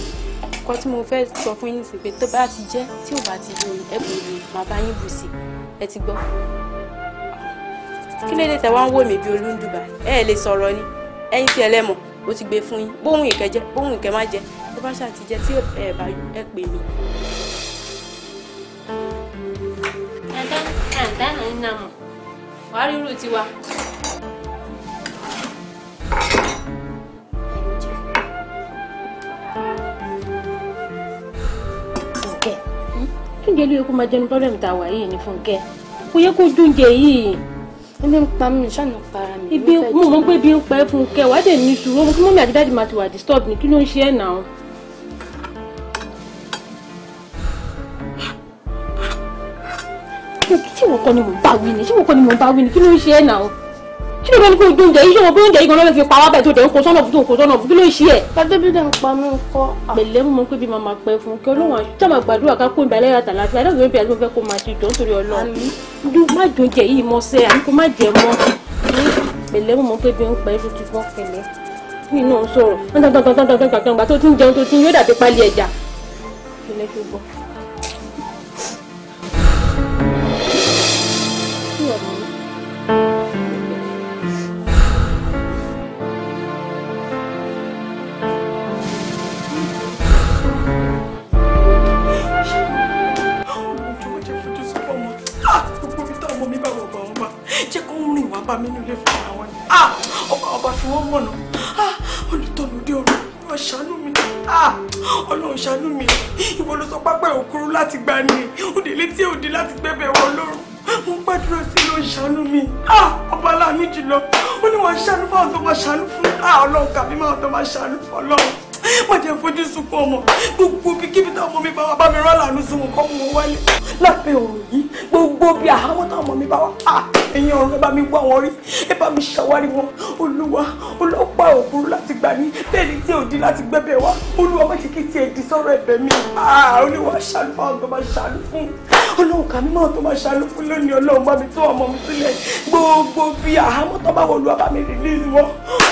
nǹkan tí mo fẹ́ sọ fún yín sí pé tó bá ti jẹ́ tí ò bá ti yọ ẹ̀bùn mi màá bá yín bù sí ẹ ti gbọ́. kí ló dé tẹ wá ń wò mí bí olúndùbà ẹ ẹ lè sọ̀rọ̀ ni ẹ̀yin tí ẹ lẹ́mọ̀ mo ti gbé fún yín bóhun ìkẹ́ jẹ́ bóhun ìkẹ́ má jẹ́ tó bá ṣáà ti jẹ́ tí ẹ bá yọ ẹ pè mí. ẹ̀dá ẹ̀dá náà ń nà mọ̀ wàá rírù tiwa. fúnkẹ́ oúnjẹ ló yẹ kó máa jẹnu pọ́blẹ́mù tá a wà yìí ni fúnkẹ́ kò yẹ kó jóúnjẹ yìí. ebi ń pa mí ṣáà ń para mi. ibi mo mọ pé ibi ń pa ẹ fúnkẹ́ wàá dẹ̀ ní sùúrù mo kí mọ́mí àti dáàdì máa ti wà disturb ni kí ló ń ṣe ẹ̀ náà. ṣé wọ́n kọ́ ni mò ń bá wí ni ṣé wọ́n kọ́ ni mò ń bá wí ni kí ló ń ṣe ẹ̀ náà ṣé ló ní kó ojú oúnjẹ yìí ṣé wọn bí oúnjẹ yìí gan ló fi pa wá bẹ́ẹ̀ tó dẹ̀ ń kó sọ́nà tó kó sọ́nà kí ló ń ṣe ẹ̀. pàdébí dẹ̀ ń pa mí kọ́ àpèlé mú pé bí màmá pẹ́ fún kí ọlọ́wọ́n sàmà gbàdúrà ká kó ìbàlẹ̀ yàtà láfíà adájọ́ ìbí àti mo fẹ́ kó máa ti jọ nítorí ọlọ́run má jọ oúnjẹ yìí mọ́ sẹ́ àní kó má jẹ mọ́ pèlé mú pé bí ń pẹ́ fún ti fọ́ pẹ̀lẹ́ mi náà sọ̀rọ̀ gbàtó tí ń jẹun tó ti ń yóò pa mí nílé fún àwọn ni ah! ọba ọba fi wọ́n mọ̀nà ah! olùtọ́nù dé ọ̀rọ̀ wọ́n ṣàánú mi ah! ọlọ́run ṣàánú mi ìwọ ló sọ pápá òkúrú láti gbà ní òde létí òde láti gbẹ́bẹ̀ wọ lọ́rùn mo ń gbàdúrà sí ló ń ṣàánú mi ọba aláàánú jùlọ ó ní wọn ṣàánú fún àwọn tó máa ṣàánú fún ọlọ́run kàbí máa tó máa ṣàánú fún ọlọ́run má jẹ́ fojú sunkún ọmọ gbogbo bí kíbi tá ọmọ mi bá wá bá mi rán làánú sí kọ́ mọ́ wálé lábẹ́ òòrùn yìí gbogbo bí àhámọ́ tá ọmọ mi bá wá à ẹ̀yin ọ̀run ẹ bá mi wá wọn rí ẹ bá mi ṣàwárí wọn olúwa ọlọ́pàá òkúrú láti gbà ní bẹ́ẹ̀ tí ò láti gbẹ́bẹ̀ wá olúwa má jẹ́ kí tiẹ̀ di sọ́rọ̀ ẹ̀bẹ̀ mi olúwa ṣàlùfáà ọ̀gbọ́n má ṣàlù ọlọ́run kà mí mọ́ tó máa ṣàlùkù lónìí ọlọ́run bá mi tó ọmọ mi sílẹ̀ gbogbo bí àhámọ́ tó bá wọlú ọba mi rìlíìsì wọn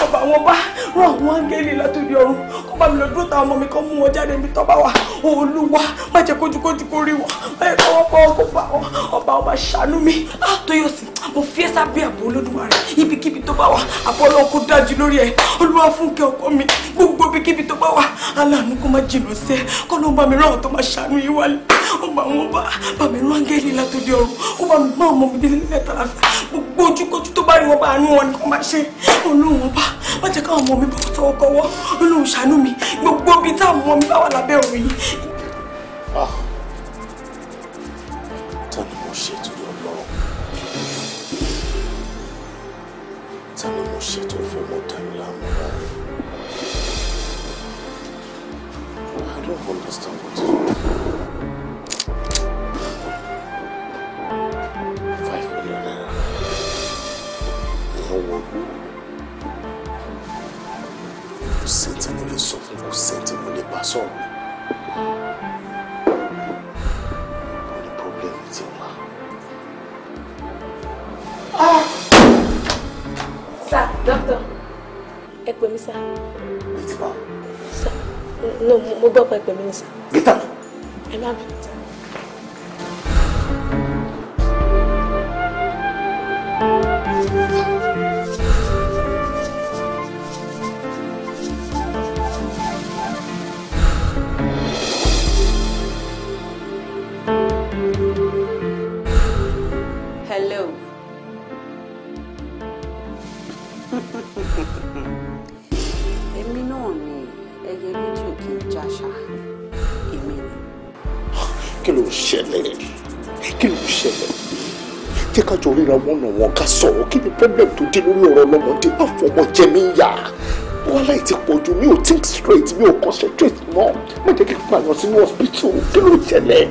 ọba wọn bá rọ àwọn áńgẹ́lì látòdì ọ̀run kó bá mi lọ dúró táwọn ọmọ mi kan mú wọn jáde níbi tó bá wà olúwa má jẹ́ kójúkójú kó rí wọn má jẹ́ káwọn fọwọ́ kó bá wọn ọba ọba ṣàánú mi àtọyọsí mo fi ẹ́ sábẹ́ àbò olódùmarè ibikíbi tó bá wà àbọ̀ ọlọ́run kó dájú lórí ẹ̀ olúwa fúnkẹ́ ọkọ mi gbogbo ibikíbi tó bá wà aláàánú kó má jìnnà mi rán áńgẹ́lì látòdì ọ̀run ó bá mi gbọ́n ọmọ mi délé nílẹ̀ tàlàfíà gbogbo ojúkojú tó bá rí wọn bá àánú wọn ni kò máa ṣe olóhùn wọn bá má jẹ́ káwọn ọmọ mi bọ́ tọwọ́kọwọ́ olóhùn ṣàánú mi gbogbo ibi táwọn ọmọ mi bá wà lábẹ́ òun yìí. Ah. tani mo ṣe torí ọlọ́run tani mo ṣe tó fẹ́ mọ́ tani I don't understand what is wrong. wọn kò sí tí mo lè sọ fún no mo gbọ́ pé ẹ pè mí ní sá. gítà. èmi náà ni ẹyẹ méjì ò kí ń jàṣà èmi ni. kí ló ń ṣẹlẹ̀ kí ló ń ṣẹlẹ̀ jẹ́ ká jọ ríra wọn nà wọn ká sọ̀rọ̀ kí ni problem tó dé lórí ọ̀rọ̀ ọlọ́mọdé àfọwọ́jẹ mi ń yà wàhálà ìtì pọ̀ jù mi ò think straight mi ò concentrate náà má jẹ́ kí n pààyàn sínú hospital kí ló ń ṣẹlẹ̀.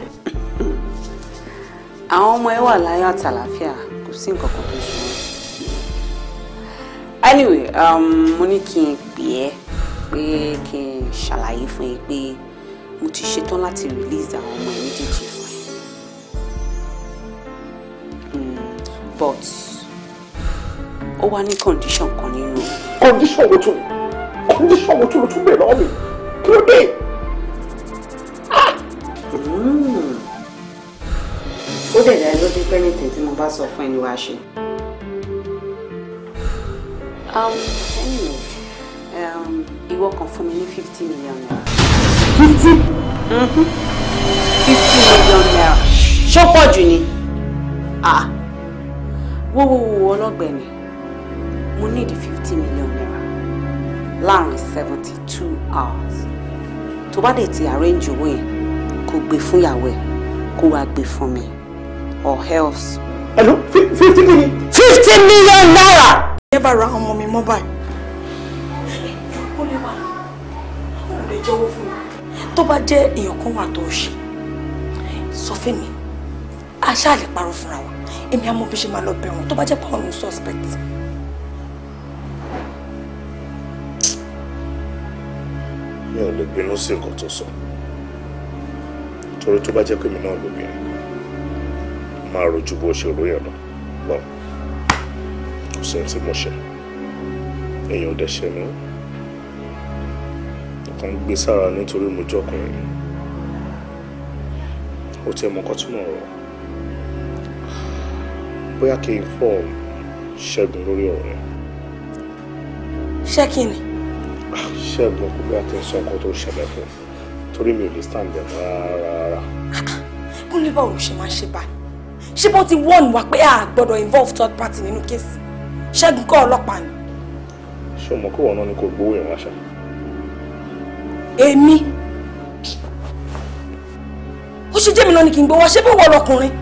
àwọn ọmọ ẹ wà láyọ̀ àtàlàfíà kò sí nǹkan kan tó ṣe anyway um, mo ní kí n pè ẹ́ pé kí n ṣàlàyé fún yín pé mo ti ṣetán láti release àwọn ọmọ ẹ méjèèjì fún ẹ but ó wá ní condition kan nínú. condition wo tún condition wo tún ló tún bẹ̀ lọ́wọ́ mi kí ló dé. Ah! Hmm. ó dẹ̀ dá lójú pé ní tètè mo bá sọ fún ẹni wá ṣe. Um, anyway um, ìwọ kan fún mi me fifty million naira. fifty. Mm-hmm. fifty million naira Show for Juni. Ah. ṣó pọ̀ jù ni ah. wọ́wọ́wọ́ ọlọ́gbẹ̀ni We need fifty million naira láàrin seventy two hours To what it arrange owó yẹn kó gbé fún ìyàwó ẹ̀ kó wá gbé fún or else. hello fifty million. fifty million naira bá ra àwọn ọmọ mi mọ́ báyìí. ó lè wà ó lè jọ̀wọ́ fún mi. tó bá jẹ́ èèyàn kan wà tó ṣe sọ fún mi a ṣáà lè parọ́ fúnra wa èmi á mọ bí ṣe máa lọ bẹ̀ tó bá jẹ́ pàwọn ní suspect. mi ò lè bínú sí nǹkan tó sọ torí tó bá jẹ́ pé mi náà lóbìnrin máa rojú bó ṣe ròyìn lọ sẹ́yìn tí mo ṣe èèyàn ò dẹ̀ṣẹ̀ mi nǹkan ń gbé sára nítorí mo jọkùnrin ó tiẹ̀ mọ nǹkan tí mo rọ̀ bóyá kí n fọ́ ṣẹ́gun lórí ọ̀rọ̀ yẹn. ṣé kí ni. ṣẹ́gun kò bóyá kí n sọ nǹkan tó ṣẹlẹ̀ fún un torí mi ò lè stand dem rárá. kúnlẹ̀ báwo ló ṣe máa ń ṣe báyìí ṣé bó ti wọ́n wá pé a gbọ́dọ̀ involve third party nínú kéèsì ṣẹ́gun kọ́ ọlọ́pàá ni. ṣé o mọ̀ kó wọn náà ni kò gbowó ìrìn àṣà. èmi ó ṣe jẹ́mi náà ni kì í gbowó ṣé bó wọ ọlọkùnrin.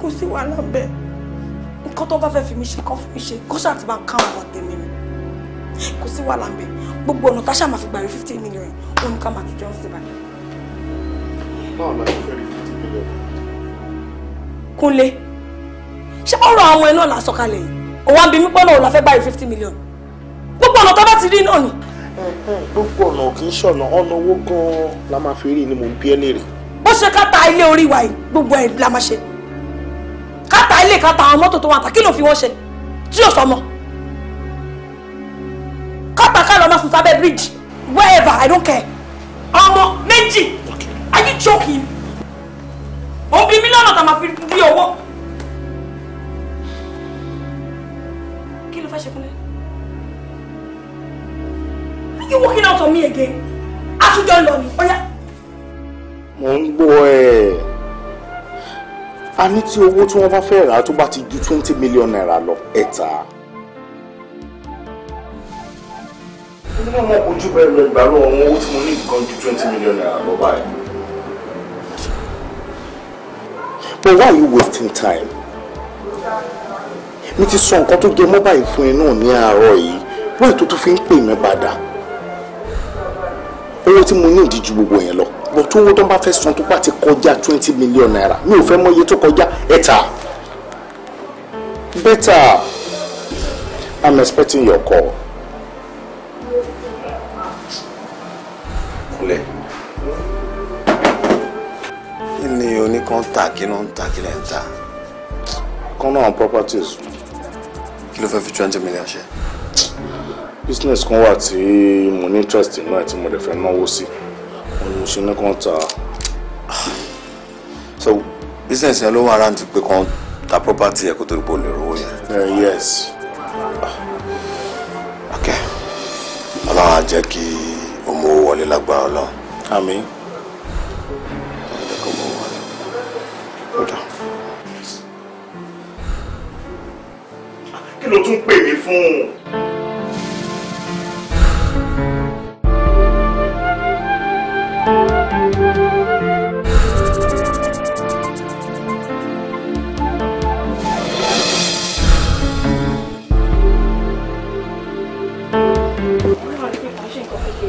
kò sí wàhálà bẹ́ẹ̀ nǹkan tó bá fẹ́ fi mi ṣe kán fún mi ṣe kó ṣáà ti bá ká àwọn tèmi ni kò sí wàhálà bẹ́ẹ̀ gbogbo ọ̀nà táṣà máa fi gbàrí fifteen million òun ká máa tún jọ ń ṣe báyìí. báwo la ṣe fẹ́ rí Kúnlé ṣé ọ̀rọ̀ àwọn ẹ̀ náà là sọ̀kalẹ̀ yìí òun àbí mi pọ́nà òun la fẹ́ báyìí fifty million gbogbo ọ̀nà tó bá ti rí náà ni. gbogbo ọ̀nà kì í ṣọ̀nà ọ̀nà owó gan-an la máa fi rí ni mò ń bí ẹ léèrè. bó ṣe ká ta ilé orí wa yìí gbogbo ẹ̀ la máa ṣe ká ta ilé ká ta àwọn mọ́tò tó wà ta kí ló fi wọ́n ṣe tí yóò sọmọ ká ká lọ máa sùn sábẹ́ bíríìjì wherever I don't care ọmọ méjì are you joking? ó bí mílíọ̀nù tá a máa fi rí owó. kí ló fẹ́ ṣe kúnlẹ̀? you walking out on me again? aṣojú lọ ni ọ̀yá. mo ń gbọ́ ẹ̀ a ní tí owó tí wọ́n bá fẹ́ rà tó bá ti ju twenty million naira lọ ẹ̀ tà á. nínú ọmọ ojú bẹ́ẹ̀ lọ ìgbà lọ́wọ́ owó tí mo ní nǹkan ju twenty million naira lọ báyìí. but why are you wasting time? mi ti sọ nǹkan tó jẹ mọ́ báyìí fún ẹ náà ní àárọ̀ yìí wọ́n ètò tó fi ń pè mí padà owó tí mo ní ìdí ju gbogbo yẹn lọ bọ̀ tó owó tó ń bá fẹ́ san tó bá ti kọjá twenty million naira mi ò fẹ́ mọ iye tó kọjá ẹ̀ta better i'm expecting your call. kan ń tà kí ló ń tà kí lẹ́ ń tà kan náà properties kí ló fẹ́ fi twenty million ṣe. business kan wà tí mo ní interest nínú ẹ̀ tí mo lè fẹ́ náwó sí mo ní mo ṣe ní kan tà. so business yẹn ló wà around pé kan ta property yẹn kó tó rí bó lè rówó yẹn. Eh, yes. ok ọlọ́run á jẹ́ kí o mú owó wọlé lágbára ọlọ́run. àmín. kí ló tún pè mí fún un.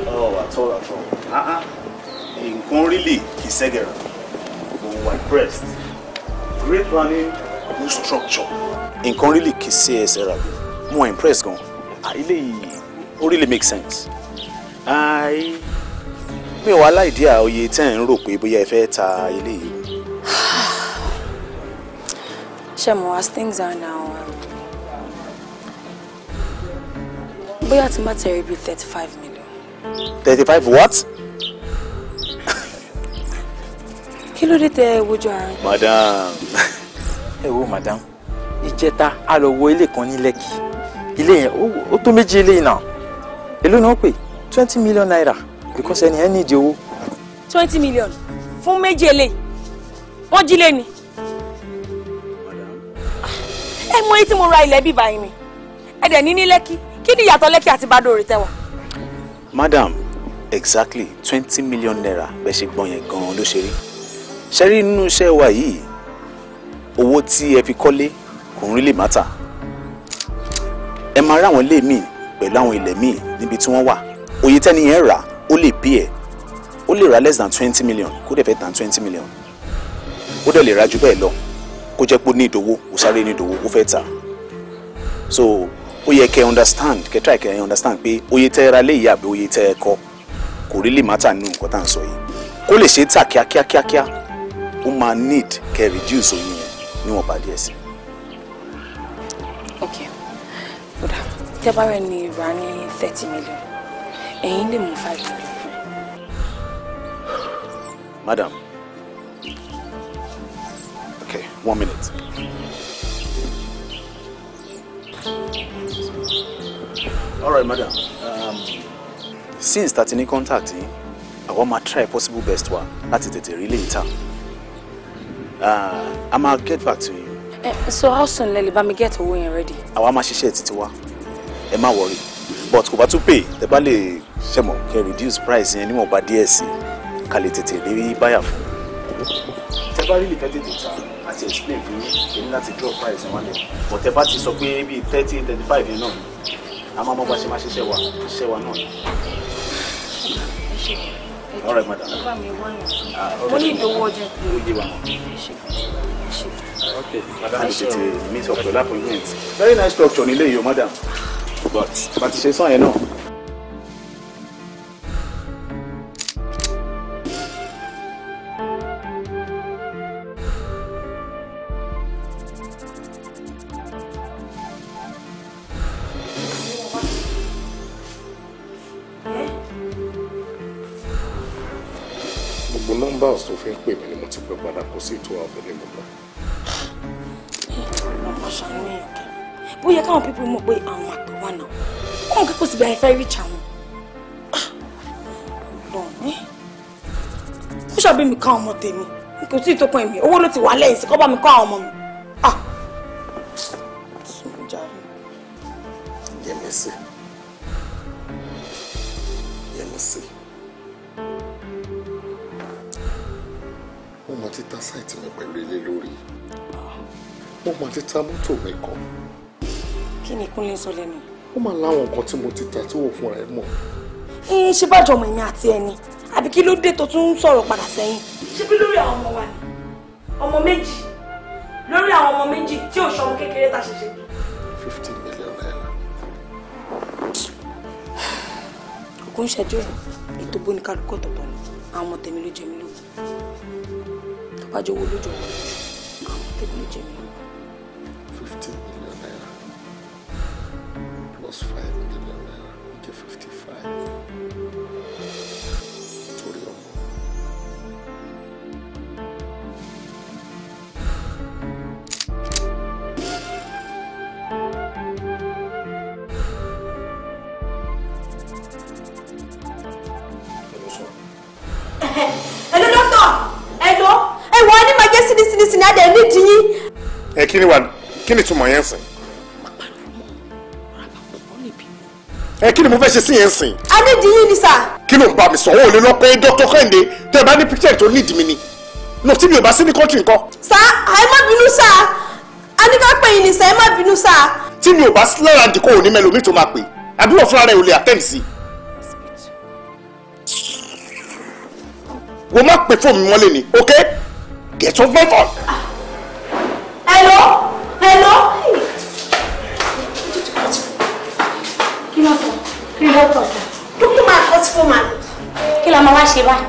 Oh, ah, ah. nǹkan really kì í sẹ́gẹ̀rẹ̀. We were impressed. Great planning, good structure nǹkan really kì í ṣe ẹsẹ̀ rà mo wà impressed gan ilé yìí ó really make sense. mi ò wá láìdí àòye tẹ́ ẹ̀ ń rò pé bóyá ẹ fẹ́ ta ilé yìí. ṣé mo as things are now um, bóyá tí n bá tẹ̀rí bíi thirty five million. thirty five what? kí ló dé tẹ wojú ara. madam ẹ wo madam ìjẹta a lọ wọ ilé kan ní lẹ́kì ilé yẹn ó tó méjì ilé náà èló ni wọ́n pè twenty million naira because ẹni ẹ ní ìdí owó. twenty million fún méjì èlé wọ́n jí lé ni. ẹ mọ èyí tí mo ra ilẹ̀ bíbá yìí mi ẹ dẹ̀ ní ní lẹ́kì kí ni ìyàtọ̀ lẹ́kì àti bàdó rè tẹ́wà. madam exactly twenty million naira bẹ́ẹ̀ ṣe gbọ́n yẹn gan-an ló ṣe rí ṣe rí nínú iṣẹ́ wa yìí owó tí ẹ fi kọ́lé kò really matter ẹ máa rí àwọn ilé míì pẹ̀lú àwọn ilẹ̀ míì níbi tí wọ́n wà òye tẹ́ni yẹn rà ó lè bí ẹ̀ ó lè ra less than twenty million kó dẹ̀ fẹ́ than twenty million ó dẹ̀ lè ra ju bẹ́ẹ̀ lọ kó jẹ́ pé ó ní ìdòwò ó sáré ní ìdòwò ó fẹ́ tà so ó yẹ kẹ́ understand kẹ́ try kẹ́ understand pé òye tẹ́ ra lé yìí àbí òye tẹ́ kọ́ kò really matter nínú nǹkan tá à ń sọ yìí kó lè ṣe é tà kíákíákíá ó máa need kẹ́ reduce òye yẹn níwọ̀n bá díẹ̀ sí i ok kódà tẹ́ bá rẹ̀ ní rà ní thirty million ẹ̀yin lè mú five million madam okay one minute. all right madam um, since tati ní contact I àwa máa try possible best wa láti tètè rí lè ta uh, a máa get back to you. Eh, so how soon lẹ lè me get owó yẹn ready. àwa máa ṣiṣẹ́ títí wa ẹ má worry but kò bá tún pè tẹ bá lè ṣẹmọ kẹ reduce price yẹn níwọ̀nba díẹ̀ sí ká lè tètè rí báyà fún. tẹ bá rí nìkan tètè ta àti explain fún yín èmi láti drop price wọn lẹ but tẹ bá ti sọ pé bíi thirty thirty five yẹn náà a máa mọ bá ṣe wa ṣiṣẹ́ wa náà. all right madam. Ah, mo ní ìdówó ọjọ́. ó yé wa mọ́ láti tètè meet up pẹ̀lú appointment very nice structure nílé yìí o madam but bàtí ṣe sàn yẹn náà. gbogbo nọ́mbà tó fi ń pè mí ni mo ti pè padà kó sí two alpha ní gbogbo ṣàánú èèyàn kẹ bó yẹ káwọn pípọ̀ mọ̀ pé àwọn àgbà wà náà wọn kò kó síbi àìfẹ́ ríjà wọn ah, ó ṣàbí mi ká ọmọ tèmi n kò tí tó pọn èmi owó ló ti wà lẹ́yìn sí kọ́ bá mi kọ́ ọmọ mi. Ah. Yẹmísí Yẹmísí mo mọ títà sáìtì mi pẹ̀lú ilé lórí mo mà ti ta mọ́tò mi kan. kí ni kúnlẹ̀ sọ lẹ́nu. ó máa láwọn nǹkan tí mo ti ta tí wò fúnra ẹ mọ̀. ẹ ṣe bá jọmọ èmi àti ẹni àbí kí ló dé tó tún sọ̀rọ̀ padà sẹ́yìn. ṣé bí lórí àwọn ọmọ wa ni ọmọ méjì lórí àwọn ọmọ méjì tí ò ṣọmọ kékeré ta ṣẹ̀ṣẹ̀ bí. fifteen million naira. kò ń ṣẹjọ́ ètò bóníkálukú ọ̀tọ̀ọ̀tọ̀ ni àwọn ọmọ tèmi ló jẹ mí lógún tó bá jọ owó lójú ọmọ lójú àwọn ọmọ ló jẹ mí lógún fifteen million naira plus five million naira ó jẹ́ Hello, doctor. Hello. Hey, why ní màá jẹ́ sídìsídìsí ní adẹ̀ nídìí yín. Ẹ kí ni wà ní kí ni túmọ̀ yẹn sìn. ẹ kí ni mo fẹ́ ṣe sí yẹn sìn. adédìyí ni sà. kí ló ń bá mi sọ òun ò lè lọ pé dr kẹ́hìndé tẹ́ bá ní píkítẹ̀ tó nídìí mi ni no tí mi ò bá sí ní kọ́ńtì nǹkan. sà ẹ má bínú sà á ní ká pè yín ni sà ẹ má bínú sà. tí mi ò bá sí lára dìkọ́ òní mẹ́lòmí tó máa pè àbí wọ́n fúnra rẹ̀ ò lè àtẹ́ǹd sí. wọ́n má pè fóònù mi mọ́lẹ̀ ni ok get off my phone. hello. Hello? Kí ló sọ? Kí ló tọ̀ sọ? Dúkú máa kọ́ sí fún màá. Kí la máa wá ṣe báyìí?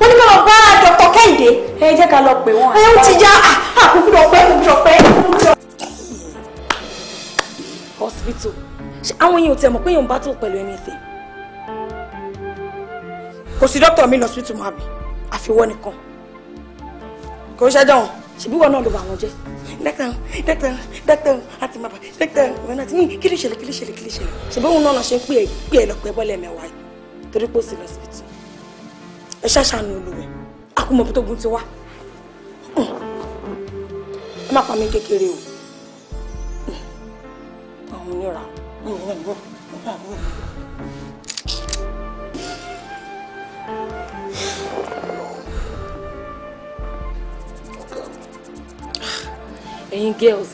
Ó ní ká lọ bá Dr. Kẹ́hìndé. Ẹ jẹ́ ká lọ pè wọ́n. Ẹ ó ti já àkókò ah, ah, ọ̀pẹ́ àkókò ọ̀pẹ́. Hospital. Ṣé àwọn èèyàn ò tiẹ̀ mọ̀ pé èèyàn ń battle pẹ̀lú anything? Kò sí dókítà mi lọ hospital mọ́ àbí? Àfiwọ́ nìkan. Kò ṣẹ́jọ́ wọn. Ṣèbí wọn náà ló bá wọn jẹ́ dẹ́tàn dẹ́tàn dẹ́tàn àti bàbá dẹ́tàn ìwé náà ti ní kí ló ṣẹlẹ̀ kí ló ṣẹlẹ̀ kí ló ṣẹlẹ̀ ṣùgbọ́n òun náà lọ ṣe ń pè é pè é lọ́pẹ́ bọ́lẹ̀ mẹ́wàá yìí torí pé ó sì lọ síbìtì ẹ ṣàṣàánú olùwẹ̀ akúmọ̀bí tó gun ti wá ẹ má pa mí kékeré o àwọn onírà Thank you. ẹ̀yin girls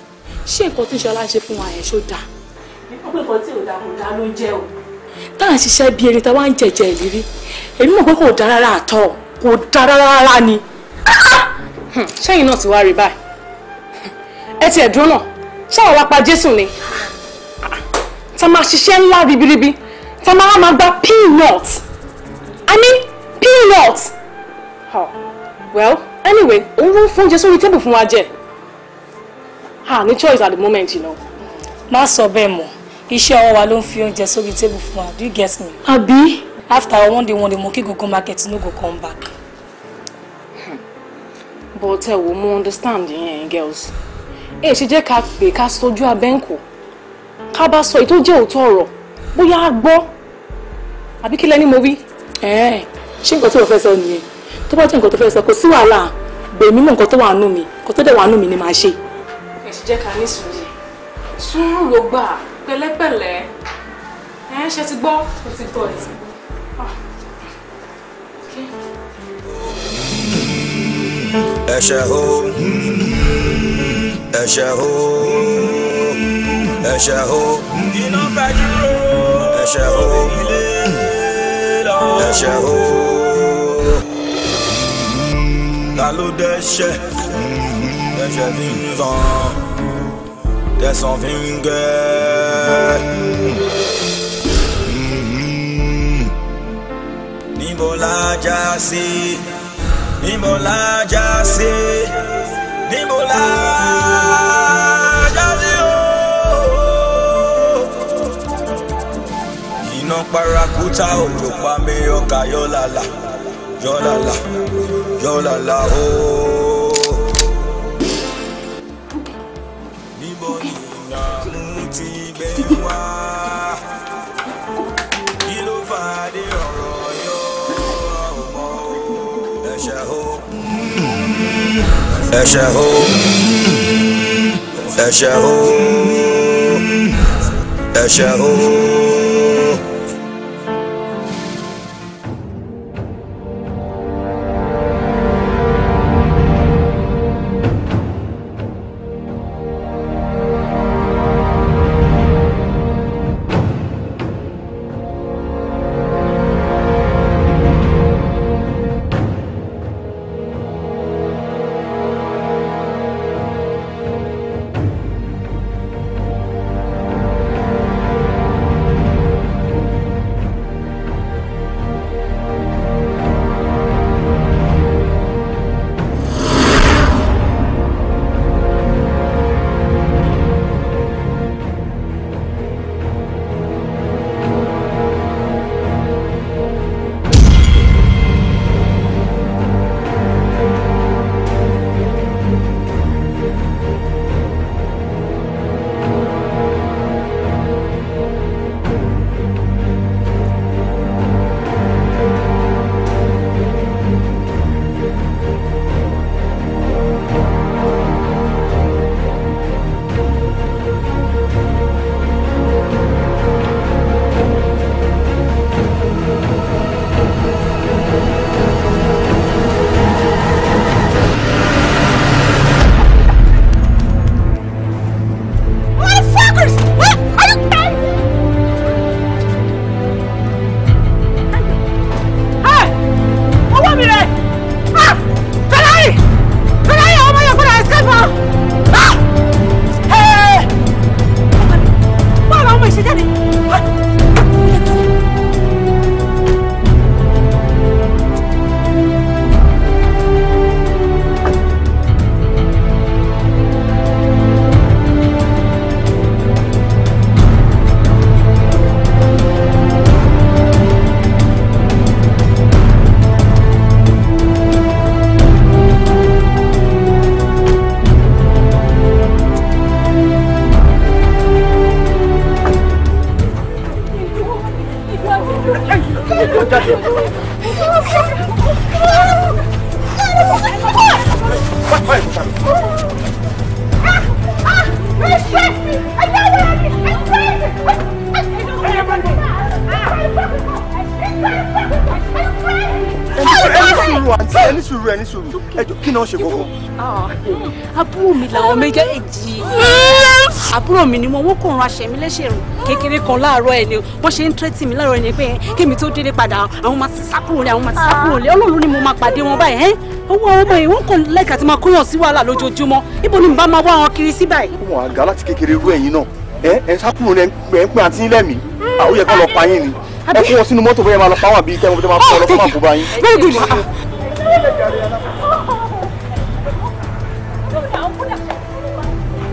ṣé nǹkan tí Ṣọlá ṣe fún wa yẹn ṣó dáa. wípé nǹkan tí ò dáa kò dáa ló jẹ́ o. tá à ń ṣiṣẹ́ bí erin tá a wá ń jẹ̀jẹ̀ ìlérí èmi mọ̀ pé kò dáa rárá àtọ̀ kò dáa rárá rárá ni. Hmm, ṣẹ́yìn náà ti wá rí báyìí ẹ tiẹ̀ dúró náà ṣáà wàá pa Jésù ni tá a máa ṣiṣẹ́ ńlá ribiribi tá a máa máa gba peanut i mean peanut. Oh. well anyway òun ló ń fún oúnjẹ sórí tébù fún wa jẹ ah ní choice at the moment you know. má sọ bẹ́ẹ̀ mọ́ iṣẹ́ ọwọ́ wa ló ń fi oúnjẹ sórí table fún do you get me. àbí. after one day one day monkey go go market no go come back. Hmm. but we eh, wo mo understand yẹn eh, girls ẹ ṣe jẹ́ ká pè ká sojú abẹ́ǹkò ká bá sọ èyí tó jẹ́ òótọ́ ọ̀rọ̀ bóyá a gbọ́ àbí kí lẹ́ni mo wí. ṣé nǹkan tí mo fẹ́ sọ nìyẹn tó bá jẹ́ nǹkan tó fẹ́ sọ kò sí wàhálà gbèmí mọ̀ nǹkan tó wà nù mí nǹkan tó dẹ̀ wà nù mí ni màá ṣe ti jẹ́ ká ní sùúrù sùúrù ló gbà pẹ̀lẹ́pẹ̀lẹ́ ẹ ṣe ti gbọ́ ó ti tọ́ ah. ẹ. ẹ̀ṣẹ̀ o ẹ̀ṣẹ̀ o ẹ̀ṣẹ̀ o iná fẹ́ dúró ẹ̀ṣẹ̀ o ẹ̀ṣẹ̀ o ta ló dẹ́ṣẹ̀ j'ai 20 ans, t'es sans vingue. Níbo la já sí, níbo la já sí, níbo la já sí o. Iná parakuta òjò pa mi ọkà yọ̀làlà, yọ̀làlà, yọ̀làlà o. Oh. wá kí ló fà á dé ọ̀rọ̀ yọ ọmọ ẹ̀ṣẹ̀ o ẹ̀ṣẹ̀ o ẹ̀ṣẹ̀ o ẹ̀ṣẹ̀ o. ẹ ní sùúrù ẹ ní sùúrù ẹjọ kí náà ṣe gbogbo. àbúrò mi làwọn méjèèjì àbúrò mi ni wọn wọn kò ran aṣẹ mi léṣe rìn kékeré kan láàárọ̀ ẹ ni wọn ṣe ń tẹ́tì mi láàárọ̀ ẹ ni pé kémi tó délé padà àwọn máa ti sá kúrò lé àwọn máa ti sá kúrò lé ọlọ́run ni mo máa pàdé wọn báyìí owó àwọn ọmọ yìí wọn kò lẹ́ka tí máa kóyàn sí wàhálà lójoojúmọ́ ibo ni bá máa wá wọn kiri sí báyìí. wọn àga láti kékeré irú ẹ̀yin náà ẹ ẹ sá kúrò lẹ ẹ ń pè àǹtí lẹ́mìí àwọn yẹ kó lọ pa yín ni ẹ kó wọn sínú mọ́tò bẹ́ẹ̀ máa lọ pa wọn àbí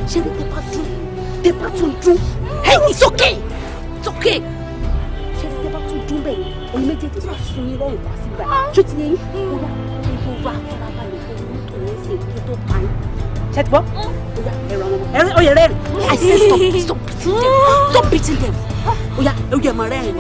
Chérie, t'es pas tout. T'es pas tout tout. Hey, it's okay. It's okay. Chérie, t'es pas tout tout, bẹ́ẹ̀. On met tes pas sur les lèvres, Je te dis, on va, on va, on va pas le faire. On te laisse et tout au pain. Oh, yeah, rẹ́rìn. I say stop, stop beating them. Stop beating them. Oh, yeah, oh, yeah, ma rẹ́rìn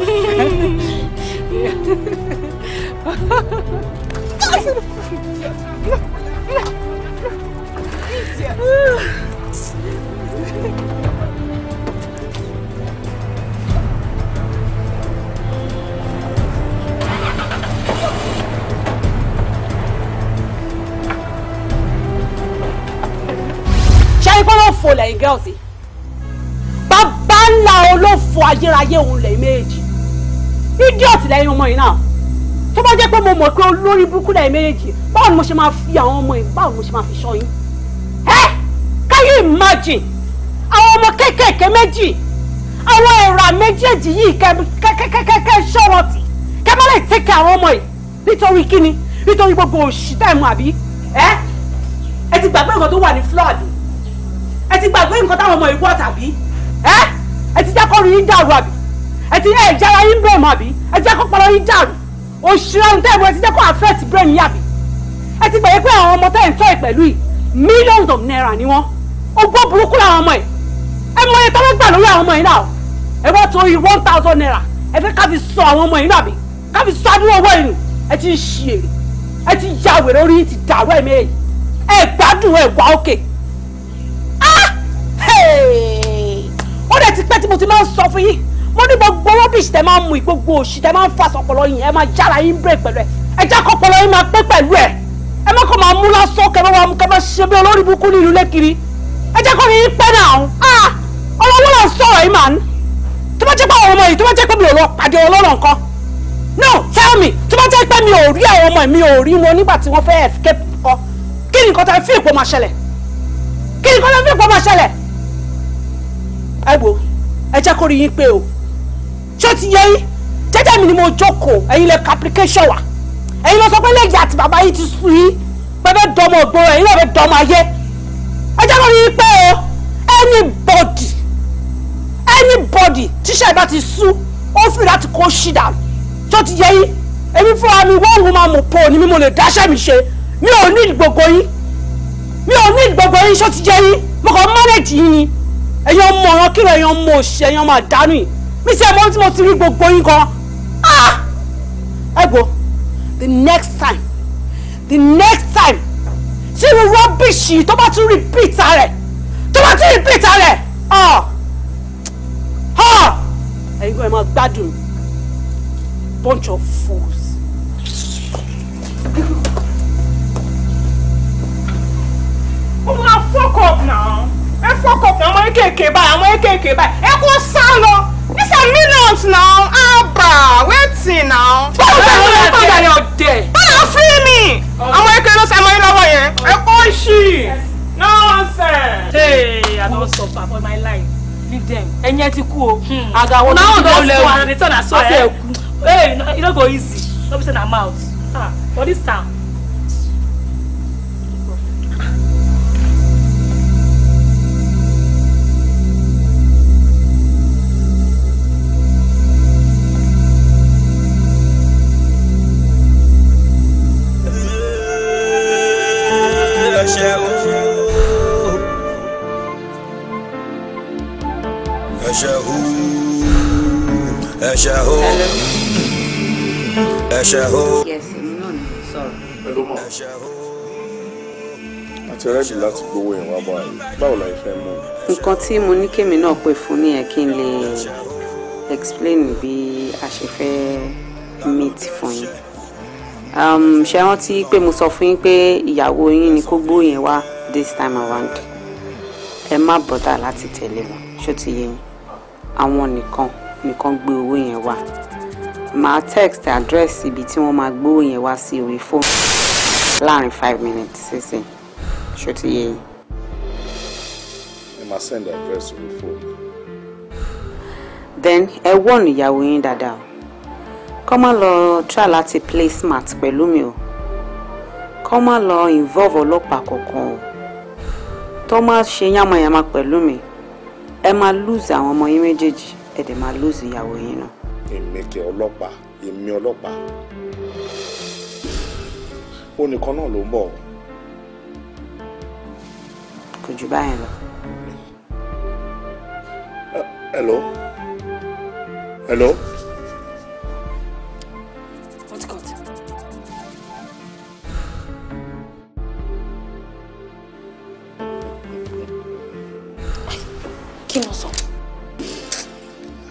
lẹ́yìn girls yìí bàbá ńlá olófò ayérayé òun lẹ́yìn méjì idiot lẹ́yìn ọmọ yìí náà tó bá jẹ́ pé mo mọ̀ pé olórí burúkú lẹ́yìn méjèèjì báwo ni mo ṣe máa fi àwọn ọmọ yìí báwo ni mo ṣe máa fi ṣọ́ yín. ẹ can you imagine àwọn ọmọ kéékèèké méjì àwọn ẹ̀rà méjèèjì yìí kẹ́kẹ́kẹ́kẹ́ ṣọ́rọ̀ tì kẹ́ má lè tẹ́kẹ̀ àwọn ọmọ yìí nítorí kíni nítorí gbogbo òṣì tẹ̀mú àbí ẹ ẹ ti gbàgbé nǹkan tó wà ní flood ẹ ti gbàgbé nǹkan táwọn ọmọ ìwọ tàbí ẹ ẹ ti jẹ́ kó rí yín dàrú àbí ẹ ti ẹ jára yín bẹ̀rù àbí ẹ ti jẹ́ kó yín dàrú òṣìṣẹ́ tẹ́ ìwé ti jẹ́ kó affect brain yín àbí ẹ ti gbàgbé pé àwọn ọmọ tẹ́ ń tọ́ ẹ̀ pẹ̀lú yìí millions of naira ni wọ́n ogbó burúkú làwọn ọmọ yìí ẹ mọ iye tó wọ́n gbà lórí àwọn ọmọ yìí náà ẹ wá torí one thousand naira ẹ fẹ́ ká fi sọ àwọn ọmọ yìí náà bí ká fi sọ àdúrà owó ìlú ẹ ti ń ṣi èrè ẹ ti ya wèrè orí ti dàrú ẹ̀mí èyí ẹ gbádùn ẹ wá òkè ah! ó dẹ̀ ti pẹ́ tí mo ti máa ń sọ fún yín mo ní gbogbo rubbish tẹ máa ń mu ìgbogbo òṣì tẹ máa ń fa sọpọlọ yìí ẹ máa jára yín break pẹ̀lú ẹ ẹ já kọpọlọ yín máa pé pẹ̀lú ẹ ẹ má kọ máa mú lásán kẹ máa mú kẹ máa ṣe bí olórí burúkú ní ìlú lẹ́kiri ẹ jẹ́ kọ́ ni yín pẹ́ náà ah ọlọ́wọ́ là ń sọ̀rọ̀ yìí màá tó bá jẹ́ pé àwọn ọmọ yìí tó bá jẹ́ pé mi ò lọ pàdé ọlọ́rọ̀ nǹkan no tell me tó bá jẹ́ pé mi ò rí àwọn ọmọ mi ò rí wọn nígbà tí wọ́n fẹ́ escape kọ kí ni nǹkan tẹ fi ìpò máa ṣẹlẹ̀ kí ni nǹkan tẹ fi ìpò máa ṣẹlẹ̀ ẹ wo ẹ jẹ́ kó yín pé o ṣó ti yẹ yín jẹ́jẹ́ mi ni mo jókòó ẹ̀yin lẹ ka application wa ẹ̀yin lọ sọ pé lẹ́yìn àti bàbá yìí ti sùn yín pẹ́pẹ́ dọmọ ògbó ẹ̀yin náà fẹ́ dọmọ ayé ẹjọ́ lórí yín pé o anybody anybody tíṣà ìbá ti sú ó fi láti kó ṣì dànù ṣó ti yẹ yín èmi fúnra mi wọ́n ń máa mọ̀ pọ̀ ni mi mo lè dáṣẹ́ mi ṣe mi ò ní gbogbo yín mi ò ní gbogbo yín ṣó ti yẹ yín mo kàn manage yín ni ẹ̀yin ọmọ ọ̀ràn kí ló ẹ̀yin ọmọ òṣìṣẹ́ ẹ̀yin ọmọ àdánù yìí mi ṣe mọ́ tí mo ti rí gbogbo yín kan ah! ẹ gbọ́ the next time the next time tí irú rọ́bìṣì tó bá tún rí pìtà rẹ̀ tó bá tún rí pìtà rẹ̀ ah! Ah! ẹ̀yin kan ẹ̀ máa gbádùn bunch of fools. ó máa fọ́kọ̀ náà ẹ fọ́kọ̀ náà ọmọ kéékèèké báyìí ọmọ kéékèèké báyìí ẹ kó sá lọ. These are millions now. Abba, waiting now. Bọ́lá free me. Àwọn ẹgbẹ́ ló sẹ́mọ́ yín lọ́wọ́ yẹn. A boy she. Nonsense. Hey, I don't suffer for my life. Leave them. Ẹyin ẹ ti kú o. Hmm. Àga wọn Now I don suffer return as well. Ọ̀sẹ̀ Hey, it don't go easy. Don't be saying na mouth. Ah, for this time. ẹ̀ṣẹ̀ o. ẹ̀ṣẹ̀ o. ẹ̀ṣẹ̀ o. ẹ̀ṣẹ̀ o. ẹ̀ṣẹ̀ o. àti rẹ́dì láti gbowó ìwọ̀n abọ́ àyè báwo la ìfẹ́ mú un. nǹkan tí mo ní kémi náà pè fún nìyẹn kí n lè explain bí a ṣe fẹ́ meet fún yín. Um, ṣe rántí pé mo sọ fún yín pé ìyàwó yín ni kó gbó yẹn wá this time around ẹ má bọ̀dà láti tẹ̀lé wọn ṣó ti yé yín àwọn nìkan nìkan gbé owó yẹn wá màá text address ibi tí wọ́n máa gbówó yẹn wá sí orí fóònù láàrin five minutes sísìn ṣó ti yé yín. ẹ máa send address orí fóònù. then ẹ wọ́n ìyàwó yín dáadáa o kọ́ má lọ try láti play smart pẹ̀lú mi o kọ́ involve ọlọ́pàá kankan o tó má ṣe yánmayànmá pẹ̀lú mi ẹ máa lose àwọn ọmọ yín méjèèjì ẹ dẹ̀ máa lose ìyàwó yín náà. èmi kẹ ọlọ́pàá èmi ọlọ́pàá ó nìkan náà ló ń bọ̀. kò jù báyẹn hello hello.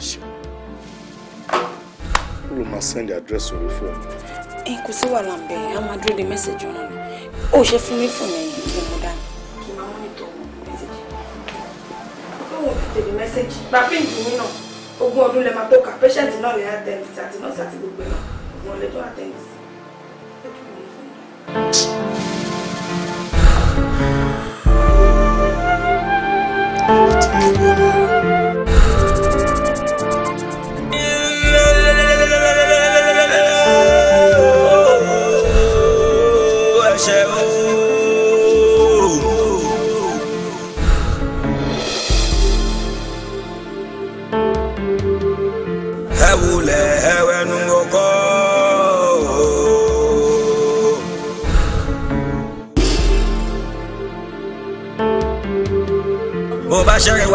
ṣe ó ló máa send address orí fóònù. ẹ kò sí wàhálà ń bẹ ẹ á máa dúró de mẹ́sẹ̀jì ọ̀nà ni ó ṣe fún mi fún mi kí mo dá. tèmi mẹ́sẹ̀jì gba píǹkì yín náà ogún ọdún lè máa tó kà pẹ́ṣẹ̀ntì náà lè àtẹ̀ǹdì àti nọ́ọ̀sì àti gbogbo ẹ̀ wọn lè tó àtẹ̀ǹdì Thank you.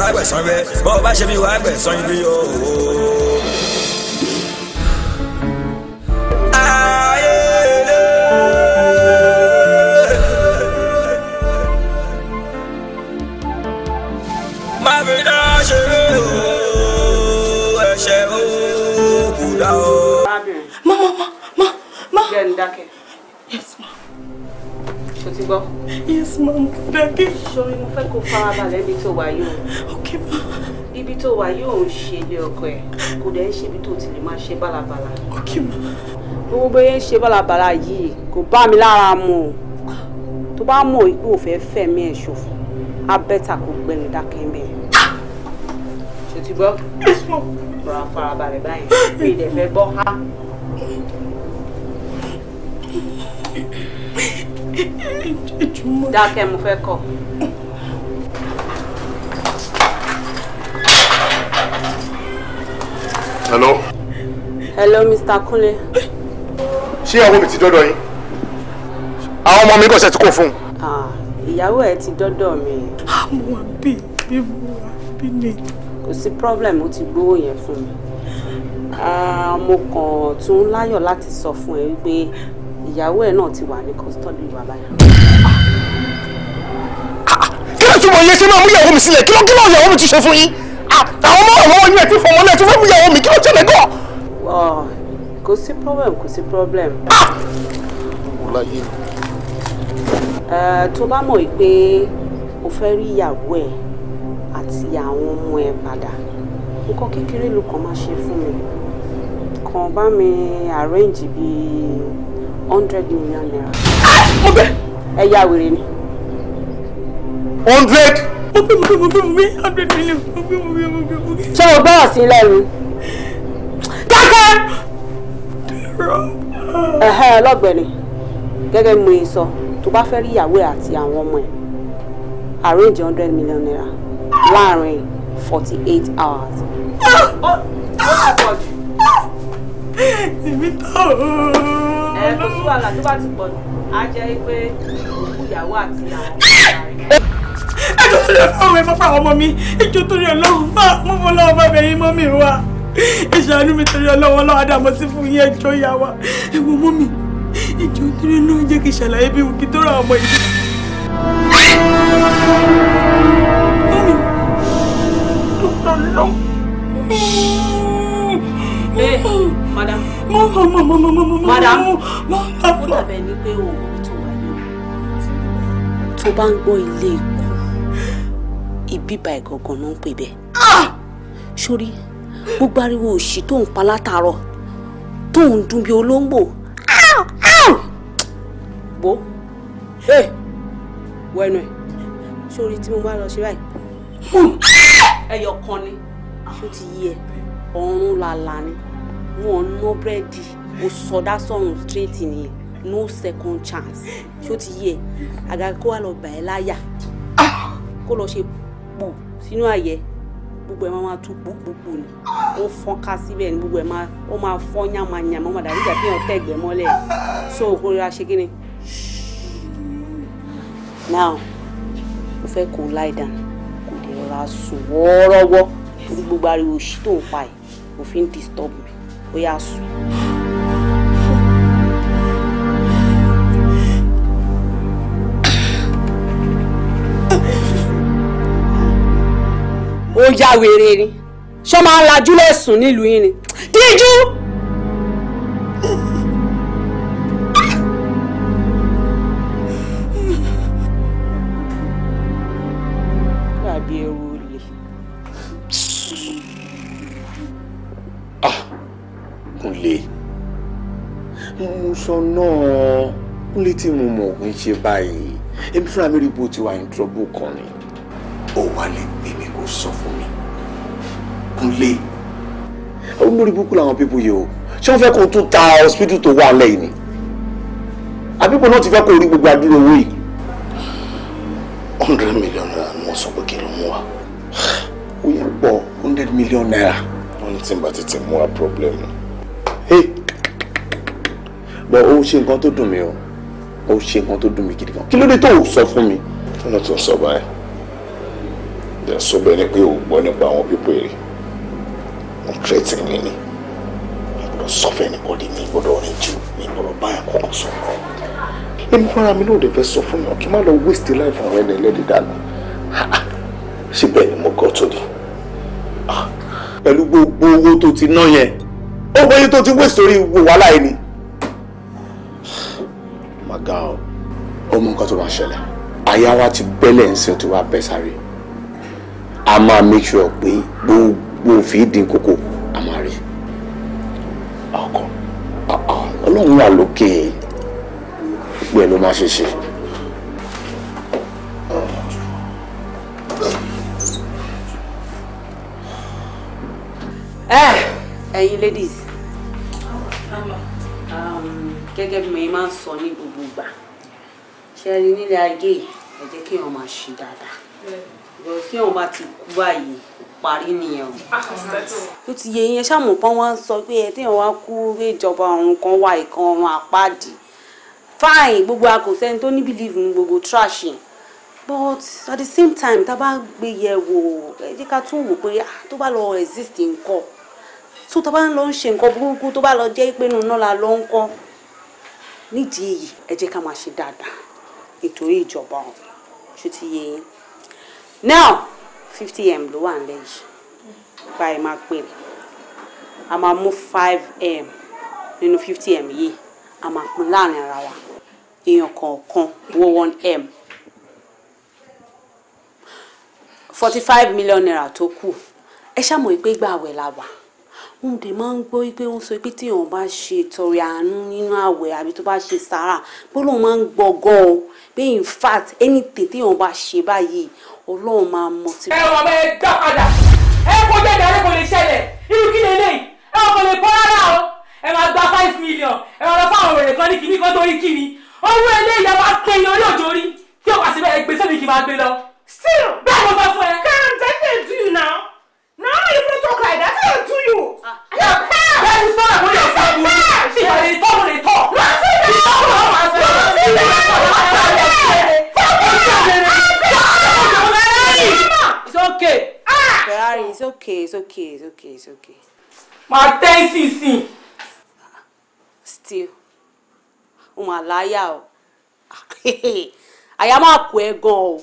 wàá gbẹ̀san rẹ bọ́ bá ṣe bí wàá gbẹ̀san ibi o. Mama, ma, ma. Jẹ́ Yes, ma. Ṣo ti gbọ́? Yes, ma'am. Daddy. Ṣorí mo fẹ́ kó farabalẹ̀ ibi tó wà yóò. Okay, ma. Ibi tó wà yóò ń ṣe ilé ọkọ ẹ̀. Kò dẹ̀ ń ṣe ibi tó ti lè máa ṣe bálabàla. Okay, ma. Gbogbo bóyá ń ṣe bálabàla yìí kò bá mi lára mu o. Tó bá mọ̀ ipò òfẹ́ fẹ̀mí ẹ̀ ṣòfò, á bẹ́tà kó gbẹ̀rẹ̀ dákẹ́ mẹ́. Yes, ma'am. Rọra farabalẹ̀ báyìí. Mi ì dẹ̀ fẹ́ gbọ́ dákẹ́ mo fẹ́ kọ̀. hello. hello mr kunle. ṣé ìyàwó mi ti dọ́dọ̀ yín àwọn ọmọ mi kò ṣe ti kó fún un. ìyàwó ẹ ti dọ́dọ̀ mi. mo wà bí bí mo wà bí ni. kò sí problem o ti gbowó yẹn fún mi mo kàn tún láyọ̀ láti sọ fún ẹ wípé ìyàwó ẹ̀ náà ti wà ní kọ́sítọ́dì ìwà báyìí. kí ló túbọ̀ yẹn ṣe máa mú ìyàwó mi sílẹ̀ kí ló kí ló ìyàwó mi ti ṣe fún yín ah, àwọn ọmọ ọ̀rọ̀ wọn yẹn ti fọwọ́ lẹ̀ tó fẹ́ mú ìyàwó mi kí ló ṣẹlẹ̀ gan. kò sí problem kò sí problem. Ah! tó bá mọ̀ pé o fẹ́ rí ìyàwó ẹ̀ àti àwọn ọmọ ẹ̀ padà nǹkan kékeré ló kàn máa ṣe fún mi kàn bá mi arrange bíi hundred million naira. Ah! mo bẹ. ẹ ya wèrè ni. hundred. mo bẹ mo bẹ mo bẹ mo bẹ hundred million mo bẹ mo bẹ mo bẹ mo bẹ. ṣé mo gbọ́dọ̀ sí lẹ́nu. dákẹ́. ẹ̀hẹ́ ọlọ́gbẹ̀ni gẹ́gẹ́ mo yìí sọ tó bá fẹ́ rí ìyàwó àti àwọn ọmọ ẹ̀ arrange hundred million naira láàrin forty eight hours. ó ó ṣàpọ̀jù. èmi tó o ẹ kó tó bá ti pọ̀ jù ẹ jọ̀ọ́ ọmọ mi ẹ jọ̀ọ́ torí Ọlọ́run bá mọ lọ́wọ́ bá bẹ̀rẹ̀ mọ mi wá ẹ mi torí Ọlọ́run Ọlọ́run àdàmọ sí fún yín ẹ ìyá wa ẹ wò mi ẹ jọ̀ọ́ torí Ọlọ́run jẹ́ kí ṣàlàyé bí wùkí tó ra ọmọ yìí. Eh, madam madam ó dàbẹ̀ ni pé o ò tó wà ní o tó bá ń gbọ́ ilé ikú ìbíba ìgangan ló ń pè bẹ́ẹ̀ ah! sórí gbogbo ariwo òṣì tó ń pa látàárọ̀ tó ń dún bí olóńgbò bó wẹnu ẹ sórí tí mo bá lọ sí báyìí hmm. ẹyọ kan ni ṣó ti yí ẹ ọ̀run làlà ni wọn no búrẹ́dì o sọdá sọrùn straight nìyẹn no second chance tí ó ti yẹ e, àgàkí kó wà lọ bà ẹ́ láyà kó lọ ṣe pò sínú àyẹ̀ gbogbo ẹ máa máa tún gbogbo ni ó fọ́n ká síbẹ̀ ni gbogbo ẹ máa ó máa fọ́n yàmàyàmà ọmọdé àbí ìgbà tí èèyàn tẹ̀gbẹ́ mọ́lẹ̀ so òkúrera ṣe kí ni. now mo fẹ́ kó lie down kò lè rọra sùn wọ́ọ́rọ́wọ́ torí gbogbo ariwo òṣì tó ń pa ẹ̀ òfin disturb me ó yá sùn. ó yá wèrè ni ṣọ́ máa ń lajú lẹ́sùn nílùú yìí díjú. sọ́nà kúnlé tí mo mọ̀ ń ṣe báyìí èmi fúnra mi rí bó ti wà ní trọ́bù kan ni ó wà lè pè mí kó sọ fún mi kúnlé olórí burúkú làwọn pípọ̀ yìí o ṣé wọ́n fẹ́ kó tún ta hospital tó wà lẹ́yìn ni àbíkò náà ti fẹ́ kó rí gbogbo àdúrà owó yìí. hundred million naira ni wọ́n sọ pé kí ló mú wa. ó yẹ pọ̀ hundred million naira. wọ́n ní tí n bá tètè mú wa problem. Hey bọ́ ó ṣe nǹkan tó dùn mí o ó ṣe nǹkan tó dùn mí gidi gan kí ló dé tó sọ fún mi. ọ̀nà tó ń sọ báyìí dẹ̀ sọ bẹ́ẹ̀ ni pé ò gbọ́ nípa àwọn pípọ̀ èrè wọ́n tírẹ́tì mi ni gbọ́dọ̀ sọ fún ẹnìbọ́dì mi gbọ́dọ̀ rìn jù mi gbọ́dọ̀ báyà kọ́kọ́ sọ. èmi fúnra mi náà ò dẹ̀ fẹ́ sọ fún yàn kí n má lọ waste life àwọn ẹni ẹlẹ́dì dànù síbẹ̀ ni mo gọ́ tó ni. Ah. pẹ̀lú gbogbo owó tó ti ná yẹn ó bẹ́yìn tó ti waste orí wàhálà ẹni ga ọ ó mú nǹkan tó máa ṣẹlẹ̀ àyà wa ti bẹ́lẹ̀ ń sin tó wá bẹ́ sáré a máa make sure pé gbogbo fìdí kókó a máa rí ọkọ ọlọ́run wà lókè gbogbo ẹ̀ ló máa ṣe ṣe. Eh, ẹ̀yin ladies gẹ́gẹ́ bí mo máa ń sọ ní gbogbo gbà ṣe rí nílé ayé ẹ jẹ́ kí wọ́n máa ṣe dáadáa ìgbọ̀n kí wọ́n bá ti kú báyìí parí nìyẹn o. ó ti yẹ yẹn ṣáà mọ̀ pọ́n wá ń sọ pé ẹ téèyàn wá kú pé ìjọba ọ̀run kan wà ìkan ọ̀run àpáàdì fine gbogbo akọ̀sẹ́ni tó ní believe ní gbogbo trash but at the same time tá a bá gbé yẹ wò ẹ jẹ́ ká tún wò pé tó bá lọ exist nǹkan tó tá a bá lọ ń ṣe nǹkan burúkú tó bá lọ jẹ́ ìpinnu náà la lọ ń kọ́ nídìí èyí ẹ jẹ́ ká máa ṣe dáadáa nítorí ìjọba ọ̀hún ṣó ti yé yín now fifty m ló wà nílẹ̀ yìí báyìí máa pè mí a máa mú five m nínú fifty m yìí a máa pín láàrin ara wa èèyàn kọ̀ọ̀kan wọ one m forty five million naira tó kù ẹ ṣàmọ̀ pé gbààwẹ̀ la wà mo dẹ̀ máa ń gbọ́ pé wọ́n sọ pé tí èèyàn bá ṣe tọrẹ àánú nínú àwẹ̀ àbí tó bá ṣe sára pé Ọlọ́run máa ń gbọ́gọ́ o pé in fact ẹni tètè èèyàn bá ṣe báyìí Ọlọ́run máa mọ̀ tí. ẹ wọ́n bẹ́ẹ̀ gbà padà ẹ kó jẹ́ ìdarí kò lè ṣẹlẹ̀ irú kí lélẹ̀ ẹ wọ́n kò lè kọ́ rárá o ẹ máa gba five million ẹ máa lọ fáwọn òrèrè kan ní kíní kan torí kíni owó eléyìí ẹ. karen tẹ́tẹ̀ No, you don't talk like that. I do you. Uh, yeah, that is not what you're saying. She is talking. They talk. they talk. No, she is talking. It's okay. Ah. Ferrari, it's okay, it's okay, it's okay, it's okay. My ten cc. Still, o mà láyà o. Àyà máa kó ẹ gan o.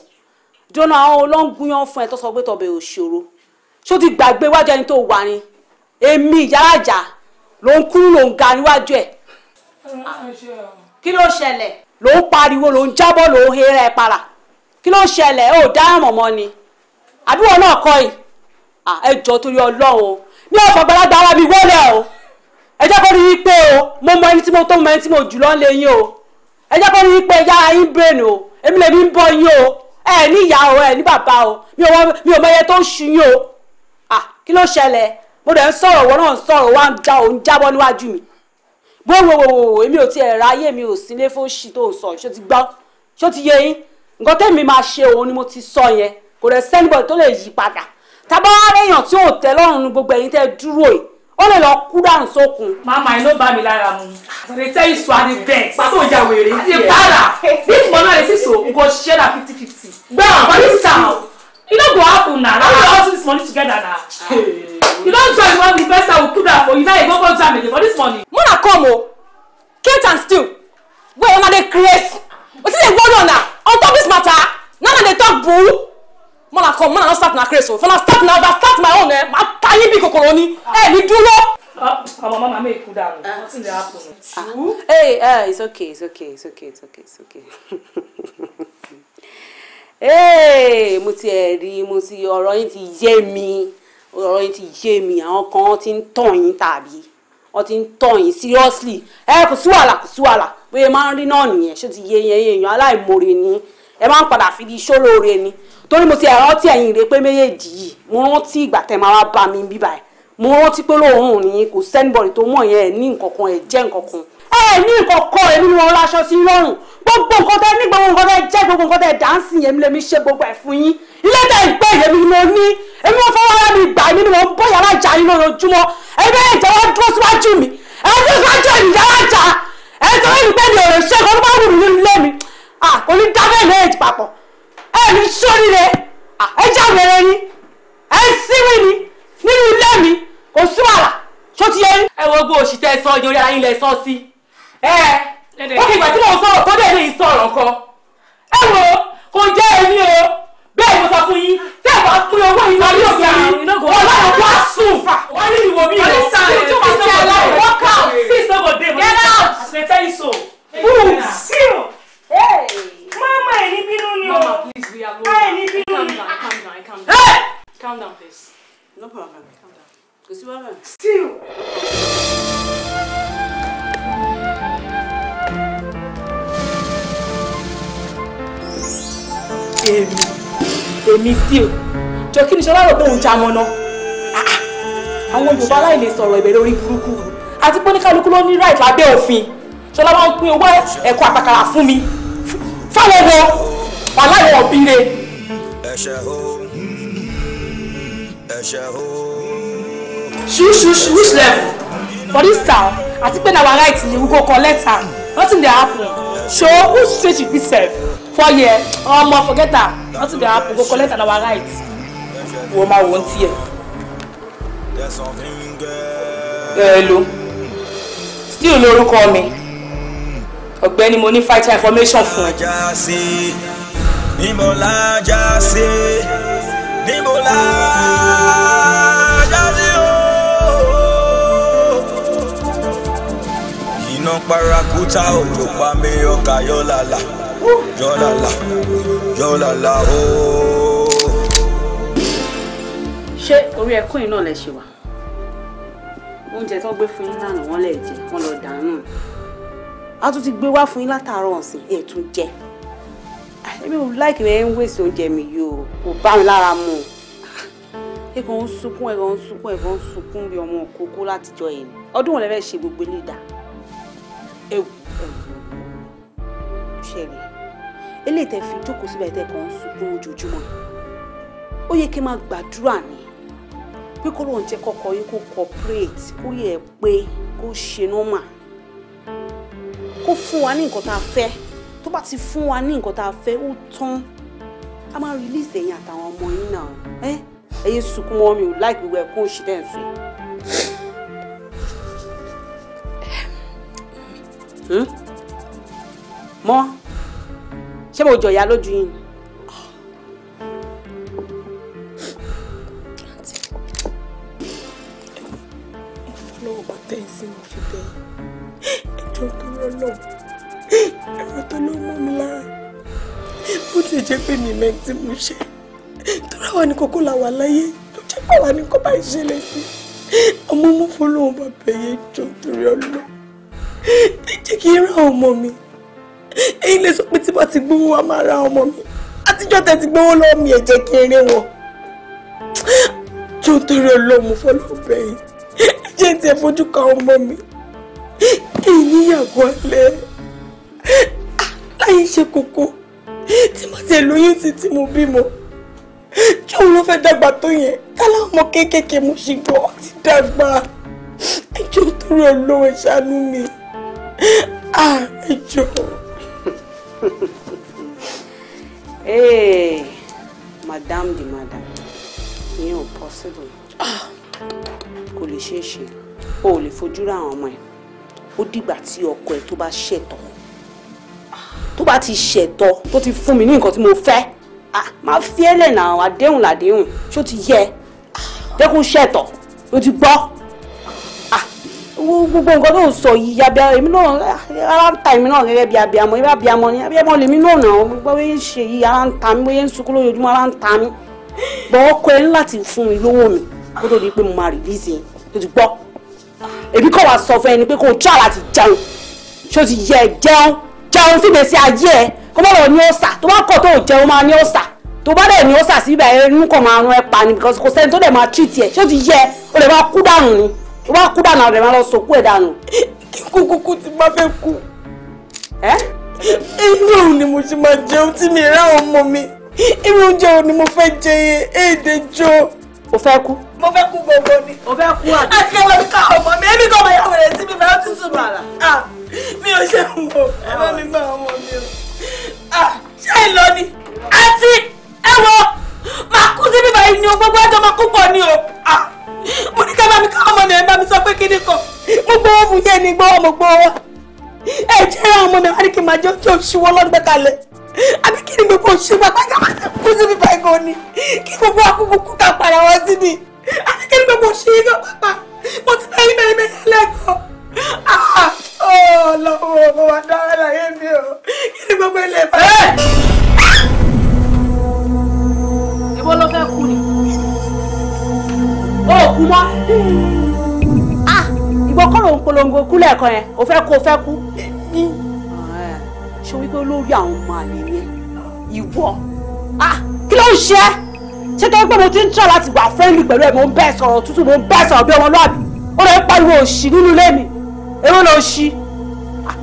Jóná àwọn olóńgúnyán fún ẹ tó sọ pé tọbẹ̀ òṣòro. ṣó ti gbàgbé iwájú ẹni tó wà ni èmi ìyáàjà ló ń kúrú ló ń ga níwájú ẹ̀. kí ló ló pariwo ló ń jábọ́ ló ń para kí ló ṣẹlẹ̀ ó dáhùn ọmọ ni àbí náà kọ́ yìí torí ọlọ́run o ní mi wọlé o o mo mọ ẹni mo tó mọ mo jù lọ lé yín o pé yára yín brain o èmi lèmi ẹ ní ìyá o mi ò mọ tó ń ṣu o. kí ló ṣẹlẹ̀ mo dẹ̀ ń sọ̀rọ̀ wọ́n náà ń sọ̀rọ̀ wá ń já òun jábọ́ níwájú mi bó wo wo wo èmi ò tiẹ̀ ráyè mi ò sílé fún ṣì tó ń sọ ṣó ti gbọ́ ṣó ti yé yín nǹkan tẹ́mi máa ṣe òun ni mo ti sọ yẹn kò dẹ̀ sẹ́nibọ̀ tó lè yí padà tábà wá réèyàn tí ò tẹ́ lọ́rùn gbogbo ẹ̀yin tẹ́ dúró yìí ó lè lọ kú dànù sókun. mama ẹ ló bá mi lára mu they tell you so i dey vex. pàtó ìjà wèrè. àti ìpara this money i dey see nǹkan ṣẹ́ra fifty fifty. gbọ́n for this e don't go happen na na we all see this money together na you don join one investor will put that for you now you go go jam again for this money. muna come oh, kate and stew wey una they craze wetin dey worry una on now. On top of this matter na una dey talk boo muna come muna no start now craze o if una start na I start my own eh my tiny big bí Hey, we do ní dúró. Our mama make cool down. What's in the dey happen. Hey, uh, ah. eh, eh, it's okay, it's okay, it's okay, it's okay, it's okay. mo ti ẹ̀ rí mo ti ọ̀rọ̀ yín ti yé mi ọ̀rọ̀ yín ti yé mi àwọn kan ti ń tàn yín tàbí wọ́n ti ń tàn yín seriously ẹ kò sí wàhálà kò sí wàhálà bóyá máa ń rí náà nìyẹn ṣé ti yé yẹn èèyàn aláìmoore ni ẹ máa ń padà fi di ṣólóore ni torí mo ti rántí ẹ̀yìn rẹ pé méjèèjì yìí mo rántí ìgbà tẹ́ máa wá bá mi bíbá ẹ̀ mo rántí pé lóòrùn nìyí kò sẹ́nibọ̀rì tó mọ̀ yẹn ní nǹkan kan ẹ̀ jẹ́ nǹkan kan ẹ ní nǹkan kọ èmi ni wọn láṣọ sí lọ́rùn gbogbo nǹkan tẹ ní gbogbo nǹkan tẹ jẹ gbogbo nǹkan tẹ dáǹsì yẹn mi lèmi ṣe gbogbo ẹ fún yín ilé tẹ ìgbẹ́ yẹn mi ni mo ní èmi wọn fọwọ́ ara mi gbà mí ni mo ń bọ́ yàrá ìjà yín lójoojúmọ́ ẹgbẹ́ yẹn jẹ́ wọ́n dúró síwájú mi ẹ dúró síwájú ẹ̀mí yàrá ìjà ẹ sọ fún mi pé mi ò lè ṣe kó tó bá wù mí nílé mi kò ní dábẹ́ ilé èjì papọ̀ ẹ ní sóríire ẹ jáwèrè ni ẹ síwì ni nínú ilé mi kò sí wàhálà ṣó ti yẹ rí. ẹ wo gbogbo òṣìṣẹ́ sọ ọjọ́ orí ara yín lẹ sọ sí ẹ ó kìgbà tí mo sọ̀rọ̀ tó dẹ̀ lè sọ̀rọ̀ kan ẹ wo kò jẹ́ èmi o bẹ́ẹ̀ mo sọ fún yín tẹ́ ẹ̀ bá pín owó yìí lórí òkè yìí ọlọ́run wá sùn wọ́n ní ìwọ mi o tí wọ́n sọ wọ́n lọ work out six seven day get out they tell you so. bùn sí o mama ẹ̀ ní bínú ni o ẹ̀ ní bínú ni. calm down please. no problem. calm down. kò sí wàhálà. still. èmi èmi still jọ kí ni ṣọlá rò pé òun já mọ́ná ah, ah. àwọn yorùbá aláìlè sọ̀rọ̀ ìbẹ̀rẹ̀ orí burúkú àti pé oníkálukú ló ní right lábẹ́ òfin ṣọlá máa ń pín owó ẹ̀kọ́ àtàkàrà fún mi fáwọn ọmọ wà láwọn òbí rẹ. ṣùṣùṣù which level for this town àti pé na our right ni we go nothing dey happen so who say you be sef four years oh, my, forget am nothing dey happen go collect our rights. wo ma wo n tiẹ. hello still lórúkọ mi ọ̀gbẹ́ni mo ní fight information fún ẹ. níbo la já sí níbo paraku ta òjò pa mi ọkà yọ lálàá. Yo la la, yọlala yọlala ooo. ṣé orí ẹkún yìí náà lè ṣe wà oúnjẹ tó gbé fún yín lánàá wọn lè jẹ wọn lọ dànù a tún ti gbé wá fún yín látàárọ̀ ọ̀sìn ẹ̀ tún jẹ èmi ò láìkì rẹ̀ ń wèsì oúnjẹ mi yìí o kò bá mi lára mu ẹ̀kọ́ ń sunkún ẹ̀kọ́ ń sunkún ẹ̀kọ́ ń sunkún bí ọmọ kókó látijọ́ yìí ọdún wọn lè fẹ́ ṣe gbogbo ilé ìdá ewu ewu ṣẹlẹ̀ eléyìí tẹ fi jókòó síbẹ̀ tẹ kàn ń sunkún ojoojúmọ́ ó yẹ kí n máa gbàdúrà ni pé kó lóun jẹ́ kọ́kọ́ yín kó cooperate kó yẹ pé kó ṣe nọ́mà kó fún wa ní nǹkan tá a fẹ́ tó bá ti fún wa ní nǹkan tá a fẹ́ ó tán a máa release ẹ̀yin àtàwọn ọmọ yín náà ẹ ẹ̀yin sunkún wọn mi ò láì gbígbẹ kó o ṣe dẹ́nsu. Hm? mọ́ ṣé mo jọ̀yà lójú yín. lọ́wọ́ bá tẹ̀ sí mo fi bẹ̀ ẹjọ́ tó rọ́ náà ẹ̀rọ ti jẹ́ pé mi mẹ́ tí mo ṣe torí àwa ní kókó la wà láyé tó jẹ́ pé àwa ní kó bá ìṣẹ̀lẹ̀ sí ọmọ mo fọlọ́wọ́n bá bẹ̀yẹ ẹjọ́ torí ọlọ́ ẹ jẹ́ kí n rán ọmọ mi ẹ̀yin lè sọ pé tí bá ti gbowó wa máa ra ọmọ mi àtijọ́ tẹ̀ ti gbowó lọ́wọ́ mi ẹ jẹ́ kí n rí wọn tó torí ọlọ́mù fọlọ́fẹ́ yìí jẹ́ ti ẹ̀ fojú ka ọmọ mi kí n níyàwó alẹ́ láyé ṣe kókó tí mo ti lóyún sí tí mo bímọ tí òun ló fẹ́ dàgbà tó yẹn kálá ọmọ kéékèèké mo ṣì gbọ́ ti dàgbà ẹjọ́ torí ọlọ́wọ́ ṣàánú mi ẹjọ́. hey, Madame di madam ìyẹn ò possible ah, kò lè ṣeé ṣe o ò lè fojú ra àwọn ọmọ ẹ ó dìgbà tí ọkọ ẹ tó bá ṣẹ̀tọ́ tó bá ti ṣẹ̀tọ́ tó ti fún mi ní nǹkan tí mo fẹ́ ah, máa fi ẹlẹ́nà àdéhùn làdéhùn ṣó ti yẹ ah, jẹ́ kó ṣẹ̀tọ́ ló ti gbọ́ gbogbo nǹkan tó sọ yìí abia èmi náà ara ń ta èmi náà gẹ́gẹ́ bí abiamọ ebi abiamọ ni abiamọ lèmi náà nà ọ́ gbọ́ bóyá ń ṣe yìí ara ń ta mi bóyá ń sunkún lójoojúmọ́ ara ń ta mi bọ́ ọkọ ẹ láti fún mi lówó mi kó tó di pé mo máa rìlíìsì tó ti gbọ́ èmi kọ́ wa sọ fún ẹni pé kó o tún àlá ti jẹun ṣé o ti yẹ jẹun jẹun sí gbèsè ayé ẹ kó bá lọ ní ọ̀sà tó bá kọ̀ tó o jẹun máa ní ọ̀sà tó bá dẹ̀ ní ọ̀sà síbẹ̀ ẹnu kọ̀ máa rún ẹ pa ni because kò sẹ́ni tó dẹ̀ máa treat ẹ ṣé o ti yẹ o lè máa kú dànù ni tó bá kú dànù rẹ̀ máa lọ sòkú ẹ̀ dànù. kúkúkú ti máa fẹ́ kú. inú òun ni mo ṣe máa o tí mi rá ọmọ mi irú oúnjẹ wo ni mo fẹ́ jẹ yẹn èdè jo. o fẹ́ kú. mo fẹ́ kú gbogbo ni. o fẹ́ kú àti. àti ẹ̀rọ mi ká ọmọ mi èmi kò mọ ìyàwó rẹ̀ sí mi bá ti sùn bàrà. mi o. ṣe mọ ẹ bá mi bá ọmọ mi o. ṣé ìlọ ni àti ẹ̀wọ̀ máa kú sí bíbá yìí ni o gbogbo ẹjọ́ máa kú pọ̀ ni o mo ní ká bá mi ká ọmọ náà ẹ bá mi sọ pé kíni kan mo gbowó fún yẹn ní gbowó mo gbowó ẹ jẹ́ ra ọmọ mi wá ní kí n máa jẹ́ tí o ṣíwọ́ lọ́dún pẹ́kalẹ̀ àbí kí ni gbogbo òṣèlú àpáká máa ti kú síbi báyìí gan ni kí gbogbo akókò kú ká para wọn sí ni àbí kí ni gbogbo òṣèlú gan pápá mo ti bẹ́ẹ̀ bẹ́ẹ̀ bẹ́ẹ̀ lẹ́kọ̀ọ́ ọlọ́wọ́ mo máa dára láyé mi o kí ni gbogbo ó kú mọ́ ah, ìgbọ́ kọ́ ló ń polongo kú lẹ́ẹ̀kan yẹn ò fẹ́ kú ò fẹ́ kú ṣé wípé olórí àwọn ọmọ àlè ni ìwọ ah, kí ló ń ṣe é ṣé tó ń pẹ́ mo ti ń tọ́ láti wà fẹ́ẹ́lì pẹ̀lú ẹ̀ mo ń bẹ́ẹ̀ sọ̀rọ̀ tútù mo ń bẹ́ẹ̀ sọ̀rọ̀ bí ọmọlúwàbí ó lọ pariwo òṣì nínú ilé mi èrò ló ṣí ah,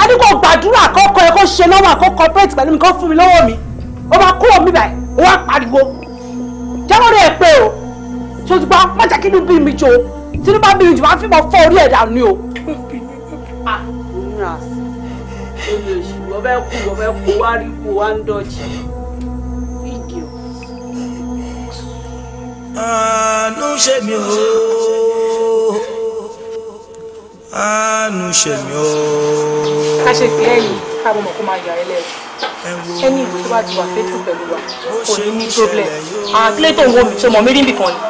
a ní kó gbàdúrà kọ́kọ́ ẹ kó ṣe lọ́wọ́ àkọ́kọ́ pẹ́ẹ́tì pẹ̀lú mi kó fún mi lọ́wọ́ mi ó máa kúrò mi báyìí ó wá pariwo jẹ́wọ́ rẹ̀ pé o tó ti gbọ́ má jẹ́ kí inú bí mi jò tínú bá bí mi jù máa fìbọn fọ́ orí ẹ̀ dànù ni o. Ah, ọbẹ̀ àánú ṣe mí o àánú ṣe mí o. ká ṣe pé ẹ̀yìn káàbọ̀ mọ̀ kó máa yà ẹ́ lẹ́yìn ẹni ìwé tó bá ti wà fẹ́tù pẹ̀lú wa kò ní ní problem àwọn akílẹ̀ tó ń wo mi tó mọ̀ mí rí nìkan ni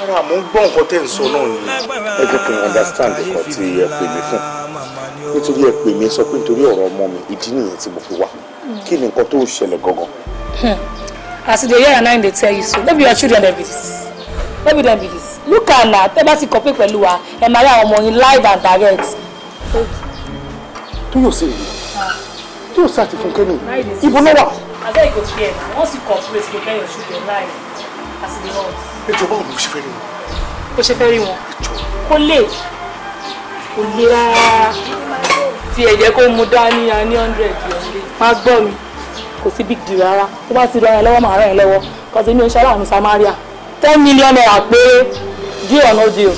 rárá mo ń gbọ́ nǹkan tẹ́ ń sọ náà ni. ẹ jẹ́ kí n understand nǹkan tí ẹ pè mí fún nítorí ẹ pè mí sọ pé nítorí ọ̀rọ̀ ọmọ mi ìdí nìyẹn tí mo fi wá kí ni nǹkan tó ń ṣẹlẹ̀ gangan. Hmm. as you dey hear dey tell you so no be your children dem be this no be dem be this look at na tẹ́ bá ti kọ pẹ̀lú wa ẹ máa rí àwọn ọmọ yín live and direct. tó yóò ṣe èyí ah. tó yóò ṣe àtìfúnkẹ́ ni ibo náà wà. as i go fear na once ẹjọ báwo ló ṣe fẹ́ rí wọn. bó ṣe fẹ́ rí wọn kó lè kò lè rárá tí ẹ̀jẹ̀ kó mu dání a ní hundred yẹn má gbọ́ mi kò sí big deal rárá tó bá ti rọ ẹ̀ lọ́wọ́ màá rẹ̀ ẹ̀ lọ́wọ́ kọ́sí mi ò ṣe aláàánú samaria ten million naira péré díẹ̀ ọ̀nà òde o.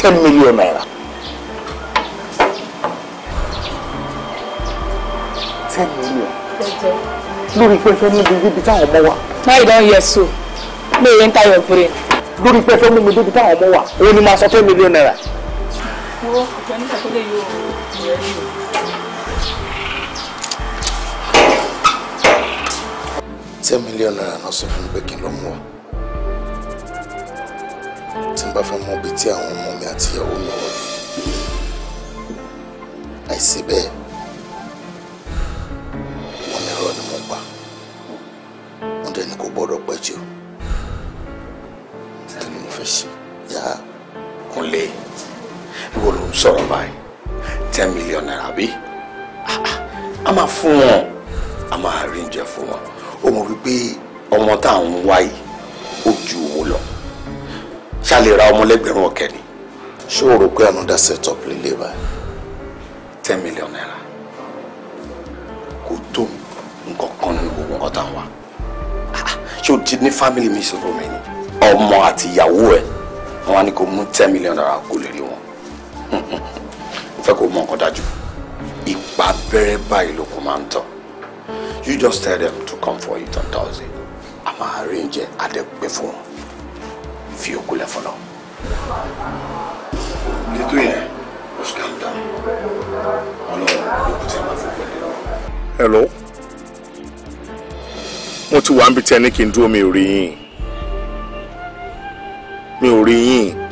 ten million naira. ten million. lórí pé níbi ibi táwọn ọmọ wa. now you don so pé èyí ń tayọ̀ pé lórí pé fẹ́ mú mi débi táwọn ọmọ wà òun ni máa sọ fẹ́ mílíọ̀nù náírà. ọwọ́ ìjọ nígbà tó lè ten million naira náà sọ fún mi pé kí n lọ mú wa tí n bá fẹ́ mọ ibi tí àwọn ọmọ mi àti ìyàwó mi wọ̀ àìsí bẹ́ẹ̀ sọ̀rọ̀ I, ten million naira bí ah, ah, a máa fún wọn a máa rí oúnjẹ fún wọn ó mọ̀ wípé ọmọ tá à ń wá yìí ó ju owó lọ ṣáàlè ra ọmọ ọ̀kẹ́ ni. ṣé o rò pé another set up líle báyìí. ten million naira kò tó nǹkan kan nínú gbogbo nǹkan tá à ń wá ah, ṣé o ti ní family mi sọ̀rọ̀ mi ni ọmọ àti ìyàwó ẹ̀ wọ́n á ní kó mú ten million naira kó lè rí wọn. fẹ́ kó mọ nǹkan dájú ipa abẹ́rẹ́ báyìí ló kó máa ń tọ̀ you just tell them to come for it on a máa arrange adẹ́gbẹ́ fún wọn fi òkú lẹ̀ fọlọ́. ètò yẹn ó sì calm down ọlọ́run ló kù tí a máa fọ́ pẹ̀lú. hello mo ti wà ń bi tẹ́ ní kí n dúró mi ò rí yín mi ò rí yín.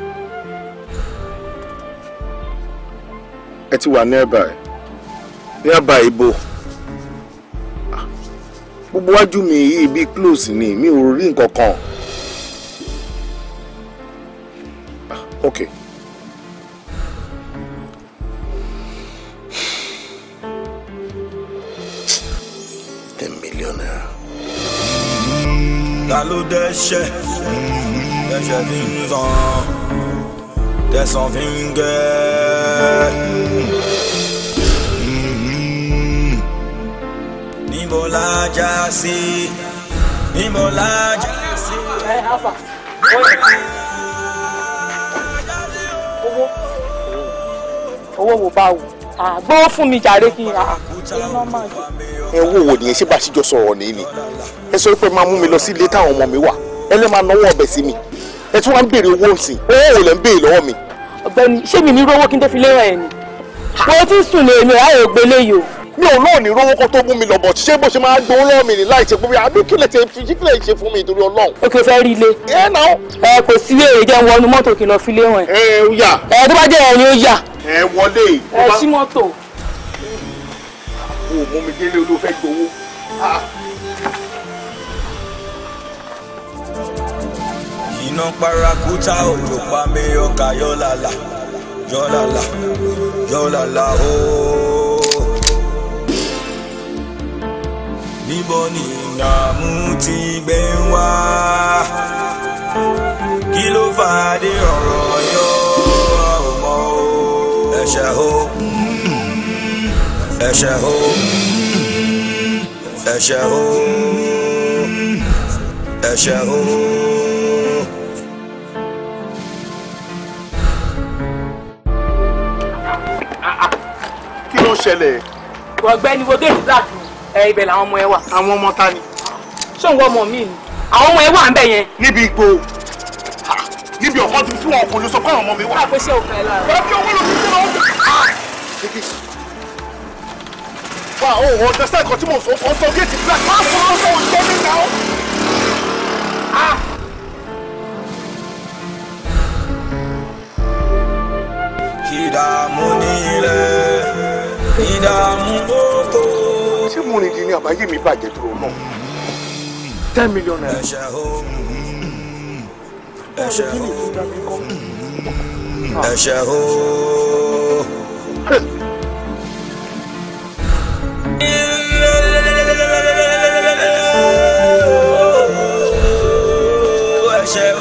ẹ ti wà nearby nearby ibo ah, gbogbo wájú mi yìí bí close ni mi ò rí nǹkan kan ah, ok. ten million naira. ta ló dẹ́ṣẹ̀ dẹ́ṣẹ̀ fi ń tàn tẹ̀sán fi ń gẹ́ẹ́. níbo la já sí níbo la já sí. ẹ afa wọ́n yẹ owó owó wo bá wò àgbọ̀ fún mi jàre kí n ẹ wo wo nìyẹn ṣé bá a ṣe jọ sọ̀rọ̀ ní ni ẹ sọ pé máa mú mi lọ sí ilé táwọn ọmọ mi wà ẹ lè máa náwó ọbẹ̀ sí mi ẹ tún wá ń béèrè owó ǹsìn owó wo lẹ ń béèrè lọ́wọ́ mi. ọ̀gbẹ́ni ṣé mi ní rówó kí n tó fi lé rẹ̀ ni. mo ti sùn lè mi ráyè gbélé yìí o mi ò lóòní rówó kan tó gún mi lọ bọ̀ ṣé bó ṣe máa gbowó lọ́wọ́ mi ní láì ṣe àbí kí lè fi kí lè ṣe fún mi nítorí ọlọ́run. o kò fẹ́ rí ilé. ẹ nà ó. ẹ kò sí èrè jẹ́ wọnú mọ́tò kí n lọ fi lé wọn. ẹ ó yà. ẹ tó bá jẹ́ ẹ̀rín ó yà. ẹ wọlé. ẹ sí mọ́tò. o mú mi délé olú fẹ́ gbowó. iná parakuta òrùpa mi ọkà yọ̀làlà yọ̀làlà yọ̀làlà ooo. níbo ni ìdààmú ti gbé ń wá kí ló fà dé ọ̀rọ̀ yọ ọmọ o ẹ̀ṣẹ̀ o ẹ̀ṣẹ̀ o ẹ̀ṣẹ̀ o ẹ̀ṣẹ̀ o. kí ló ṣẹlẹ̀. ọ̀gbẹ́ni wo géètì láti ẹ ibẹ̀ làwọn ọmọ ẹ wà. àwọn ọmọ ta ni. ṣé òun wọ ọmọ mi ni. àwọn ọmọ ẹ wà ń bẹ yẹn. níbi ipò níbi ọkọ ti fún ọkọ ló sọ pé ọmọ mi wà. àpò iṣẹ́ òkè lára. wọ́n owó lọ sí fún ọ. wa o ò dẹ́sẹ̀ kan tí mo sọ sọ géètì fúlẹ̀ máa fọ́ ọ sọ òṣìṣẹ́ mi náà. ìdààmú ní ìdààmú ó tó múrin di ní àbáyé mi bàjẹ́ dúró náà ten million naira. ẹ̀ṣẹ̀ o ah. ẹ̀ṣẹ̀ o. ẹ̀ṣẹ̀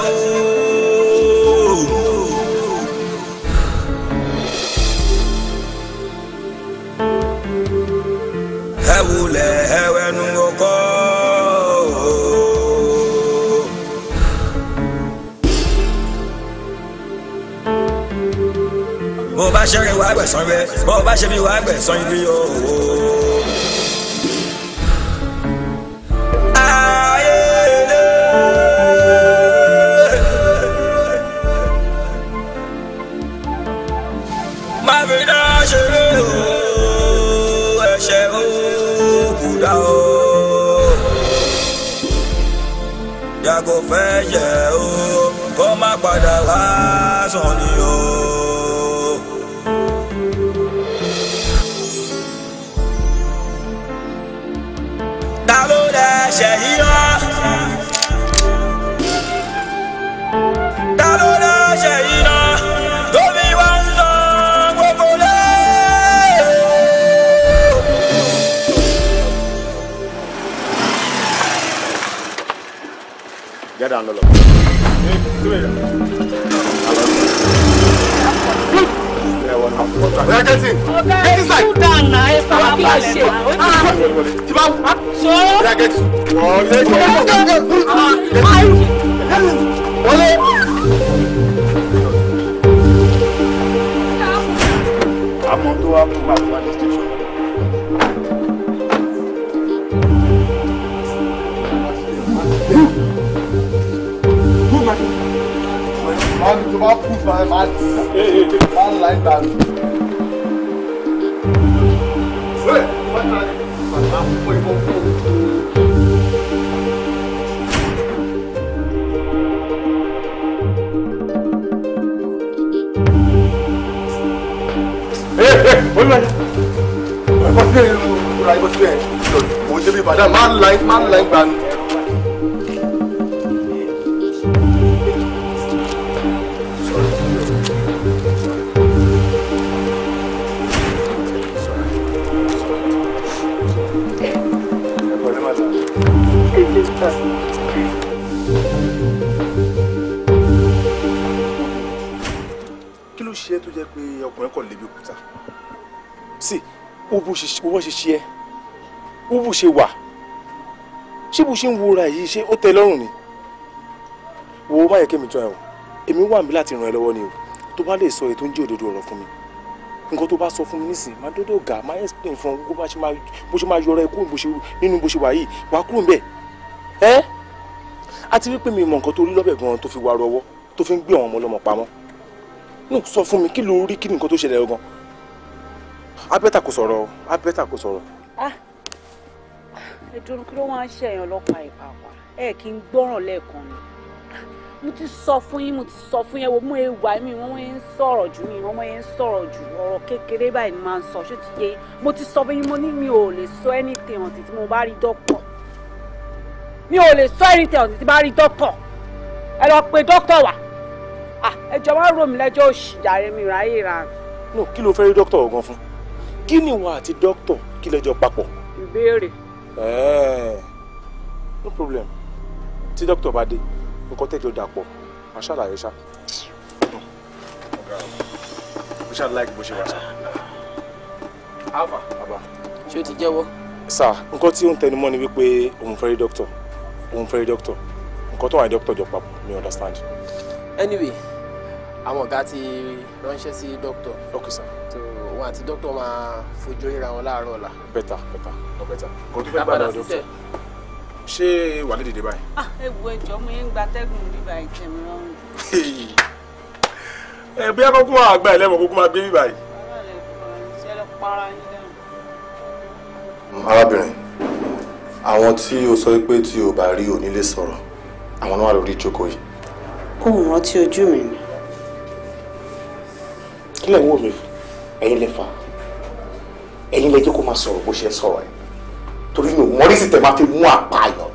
o. ṣe rẹ̀ wá gbẹ̀san rẹ̀ bọ́ bá ṣe bí wá gbẹ̀san ibi ooo. Yàgò fẹ́ yẹ̀ o, kó má padà wá sọ̀ni. ẹ̀ṣẹ̀ yíyọ́. ta ló dá ẹ̀ṣẹ̀ yíyọ́ tóbi wá ń Get down, Lolo. Hey, ọ̀gá kẹ́sì kẹ́sì sáì. ọ̀gá ìlú dànù ẹ fara balẹ̀ máa. Ah, ah. tí bá wù. so. ọ̀gá kẹ́sì. wọlé. wọlé. àmọ́ tó wá fún bàbá ní station. wọn ni tó bá kú fún ẹ máa tì máa ń la ìgbà mi. Olùwàjà, ọ̀pọ̀ sílẹ̀ ìlú, ọ̀la ìbọ̀sílẹ̀, ìjọ̀dù, òun ṣe bí Ìbàdàn, máa ń la ìgbà mi. pé ọkùnrin kò lébi òkúta sí wo bó ṣe ṣe ẹ wo bó ṣe wà ṣé bó ṣe ń wo ra yìí ṣé ó tẹ́ lọ́rùn ni wo má yẹ kémi tán ẹ o èmi wà mí láti ràn ẹ́ lọ́wọ́ ni o tó bá lè sọ èyí tó ń jẹ́ òdodo ọ̀rọ̀ fún mi nǹkan tó bá sọ fún mi nísìnyí máa dọ́dọ̀ gà máa explain fún ọ bó ṣe máa yọra ẹ kúrò nínú bó ṣe wà yìí wàá kúrò ń bẹ̀ ẹ́ àti wípé mi mọ̀ nǹkan tó rí lọ́bẹ̀ gan-an tó fi wá rọwọ́ tó fi ń gbé àwọn ọmọ ọlọ́mọ pamọ́ no sọ fún mi kí ló rí kí nǹkan tó ṣẹlẹ̀ gan abẹ́tà kò sọ̀rọ̀ abẹ́tà kò sọ̀rọ̀. Ah, ẹ dúró kí ló wá ń ṣe èèyàn ọlọ́pàá ìpàpà ẹ kì í gbọ́ràn lẹ́ẹ̀kan ni mo ti sọ fún yín mo ti sọ fún yín wo mú ewa mi wọ́n wọ́n ń sọ̀rọ̀ jù mí wọ́n wọ́n ń sọ̀rọ̀ jù ọ̀rọ̀ kékeré báyìí ni máa ń sọ ṣé ti yé mo ti sọ fún yín mo ní mi ò lè sọ anything until tí mo bá rí dọ́kọ̀ mi ò lè sọ anything until tí bá rí dọ́kọ̀ ẹ lọ pe dọ́kọ̀ wá. Ah, ẹjọ́ wá rò mí lẹ́jọ́ òṣìyàrá mi ráyè ra. no kí ló fẹ́ rí dókítà ọ̀gán fún kí ni ìwọ àti dókítà kí lẹ́jọ́ papọ̀. ìbéèrè. no problem tí dókítà bá dé nǹkan tẹ́jọ́ dàpọ̀ máa ṣàlàyé ṣá. mo ṣàlàyé bó ṣe wà sá. alfa baba. ṣé o ti jẹ́wọ́. sà nǹkan tí ó ń tẹnumọ́ ni wípé òun fẹ́ rí dókítà òun fẹ́ rí dókítà nǹkan tó wà ní dókítà jọ papọ̀ mi understand. anyway àwọn ọ̀gá ti ránṣẹ́ sí dókítà. ok sir. so wọn àti dókítà máa fojú ríra wọn láàárọ̀ ọ̀la. bẹ́tà bẹ́tà lọ bẹ́tà. kò tó fẹ́ gbà lọ dókítà. ṣé wàá dìde báyìí. ah ewu ẹjọ mo ń gbatẹ́gùn bíbá ìtẹ̀mí rọrùn. ẹ bí akọkọ àgbà ẹlẹ́wọ̀n kókó máa gbé bíbá yìí. arábìnrin àwọn tí o sọ pé tí o bá rí onílé sọ̀rọ̀ àwọn náà wà lórí ìjókòó yìí. ohun rántí ojú mi ni kí lẹ̀ ń wò mí fún ẹ̀yin lẹ́fà ẹ̀yin lẹ́jẹ́ kó máa sọ̀rọ̀ bó ṣe ń sọ̀rọ̀ ẹ̀ torí mi ò mọ́rísì tẹ̀ máa fi mú àpààyàn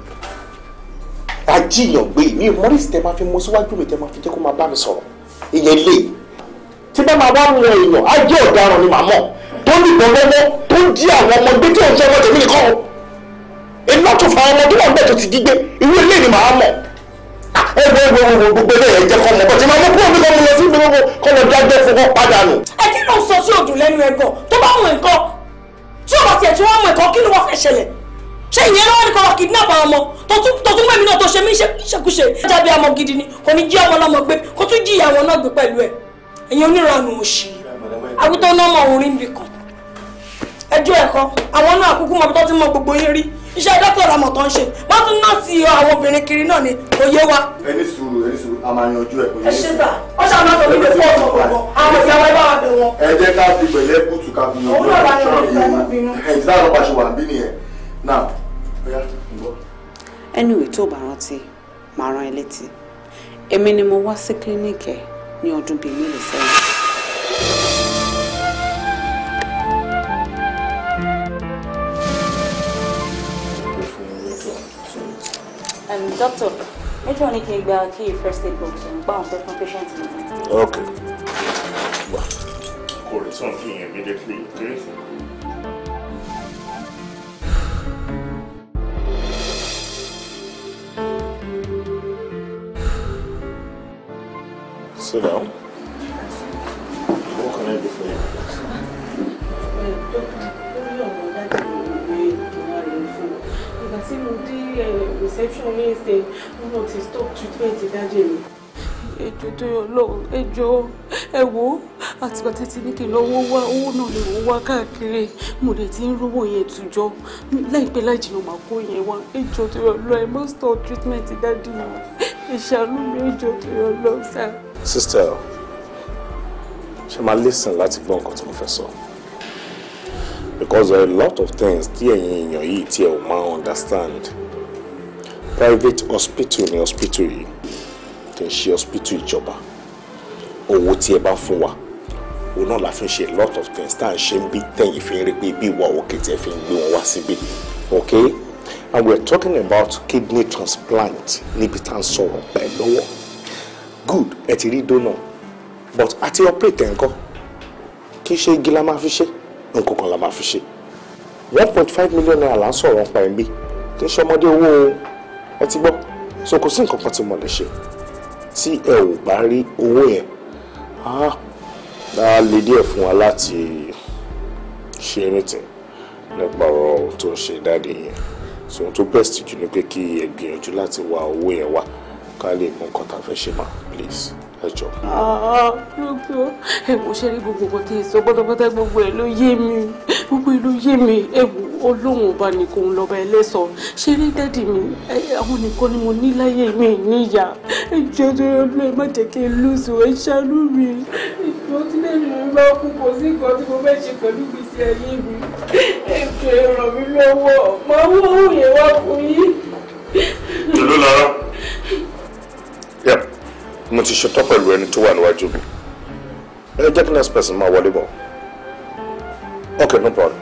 ajíyàn gbé mi ò mọ́rísì tẹ̀ máa fi mú síwájú mi tẹ̀ máa fi jẹ́ kó máa bá mi sọ̀rọ̀ ìyẹn lè tí bá máa bá mú èèyàn a jẹ́ ọ̀daràn ni màá mọ̀ tó ní ìbọ̀lọ́wọ́ tó ń jí àwọn ọmọ gbé tí òun fẹ́ ọmọ tèmi nìkan o iná tó fa ọmọ tó wà ń bẹ̀ tó ti jí gbé irú ni màá mọ̀ ẹ gbọ́ gbọ́ gbogbo gbogbo eléyẹ jẹ́ kọ́ mọ́ bọ́tí máa mú kúrò nígbà mo lọ sí gbogbo kọ́ lọ dájọ́ fún padà nù. ẹ kí ló ń sọ sí òdù lẹ́nu ẹ̀gọ́ tó bá mú nǹkan tí ò bá tiẹ̀ tí wọ́n mú nǹkan kí ló wọ́n fẹ́ ṣẹlẹ̀ ṣé ìyẹn lọ́wọ́ ni kò wá kidnap ọmọ tó tún mẹ́mi náà tó ṣe mí ṣekúṣe jábí ọmọ gidi ni kò ní jí ọmọ lọ́mọ gbé kó tún jí ìyàwó náà gbé pẹ̀lú ẹ̀ ẹ̀yin oníranù òṣì àwítọ́ náà mọ̀ orí nbìkan ẹjọ́ ẹ̀kọ́ àwọn náà àkókò mọ̀ tó ti mọ gbogbo yín rí iṣẹ́ dókítà ọ̀làmọ̀ tó ń ṣe wọ́n tún náà sí àwọn obìnrin kiri náà ni kò yé wa. ẹni sùúrù ẹni sùúrù a máa yanjú ẹ kò yé. ẹ ṣe sà ó ṣáà máa sọ wípé fóònù ọ̀gbọ̀n àwọn ìyàwó ẹ bá wà bẹ wọn. ẹ jẹ́ ká fi pẹ̀lẹ́ kùtù ká fi yanjú ọ̀rọ̀ ìṣòro èmi ni mo wá sí kílíníkì ní ọdún bíi mélòó sẹ́yìn. Um, doctor, major ní take n first aid box and pa àwọn fẹ́ patient Okay. Kò rí sàn immediately Sit down. What can I do for you? Uh, reception tó yọ lọhùn ẹjọ ẹ wo àtìgbà tẹ́tí ní kí n lọ wá owó náà lè wá káàkiri mo dẹ̀ ti ń rówó yẹn tùjọ láìpẹ́ láì jìnnà màá kó yẹn wá ẹjọ tó yọ lọ ẹ má stop treatment ìdájẹ́ mi ìṣàánú mi ẹjọ tó yọ lọ sá. sister ṣe máa listen láti gbọ́ nǹkan tí mo fẹ́ sọ. because there are a lot of things tí ẹ̀yin èèyàn yìí tí ẹ ò máa understand private hospital ni hospital yìí kì í ṣe hospital ìjọba owó tí ẹ bá fún wa òun náà la fi ń ṣe a lot of things tá à ń ṣe ń bí tẹ̀yìn fi ń rí pé bí ìwà òkè tẹ̀ fi ń gbé wọn wá síbí okay and we are talking about kidney transplant níbi tá à ń sọ̀rọ̀ pẹ̀ lọ́wọ́ good ẹ ti rí donor but àti operate ẹ̀ ń kọ́ kì í ṣe igi la máa fi ṣe nǹkan kan la máa fi ṣe one point five million naira là ń sọ̀rọ̀ nípa ẹ̀ ń bí kì í ṣe ọmọdé owó o ẹ ti gbọ́ so kò sí nǹkan kan tí mo lè ṣe tí ẹ ò bá rí owó yẹn á lè díẹ̀ fún wa láti ṣe anything nípa ọ̀rọ̀ tó ń ṣe dáàdi yẹn so ohun tó best jù ni pé kí ẹ gbìyànjú láti wá owó yẹn wá ká lè mú nǹkan tá a fẹ́ ṣe mà please ẹ jọ. lóko ah, ẹ wò ṣe rí gbogbo nǹkan tí ẹ sọ pátápátá gbogbo ẹ ló yé mi gbogbo ẹ ló yé mi ẹ wò Ọlọ́run ọba nìkan lọ́ba ẹlẹ́sọ̀ ṣe rí dádì mi àwọn nìkan ni mo ní láyé mi níyà ẹ jọ tó yẹ ẹ má jẹ́ kí n lùsùn ẹ ṣàánú mi. ìjọ tí lẹ́nu mi bá kú kò sí nǹkan tí mo fẹ́ ṣe pẹ̀lú ìgbésí ayé mi ètò ìrànmí lọ́wọ́ máa wọ́wọ́ yẹn wá fún yín mo ti ṣetán pẹ̀lú ẹni tó wà níwájú mi ẹ jẹ́ kí next person máa wọlé bọ̀ ok no problem.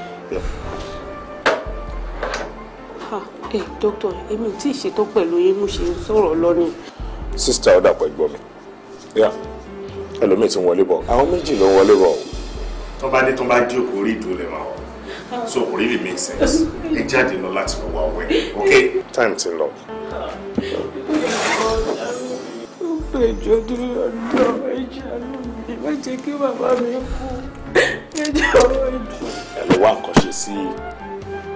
ha ẹ eh, dókítà èmi ò tí ì ṣetán pẹ̀lú yín mo ṣe ń sọ̀rọ̀ lọ́nà. sista ọ̀dà pẹ̀ gbọ́ mi ẹlòmíì ti ń wọlé bọ̀ àwọn méjì ló ń wọlé bọ̀. tó bá dé tó bá jí òkú orí ìdúró lè máa wọ so really make sense ẹ jáde lọ láti lọ wá wẹ ok. time ti lọ tó ìjọ dúró lọ́dọ̀ ẹ̀jẹ̀ àánú mi má jẹ́ kí bàbá mi kú ẹ̀jẹ̀ ọ̀rọ̀ ẹ̀jẹ̀. ẹ lọ wá nǹkan ṣe sí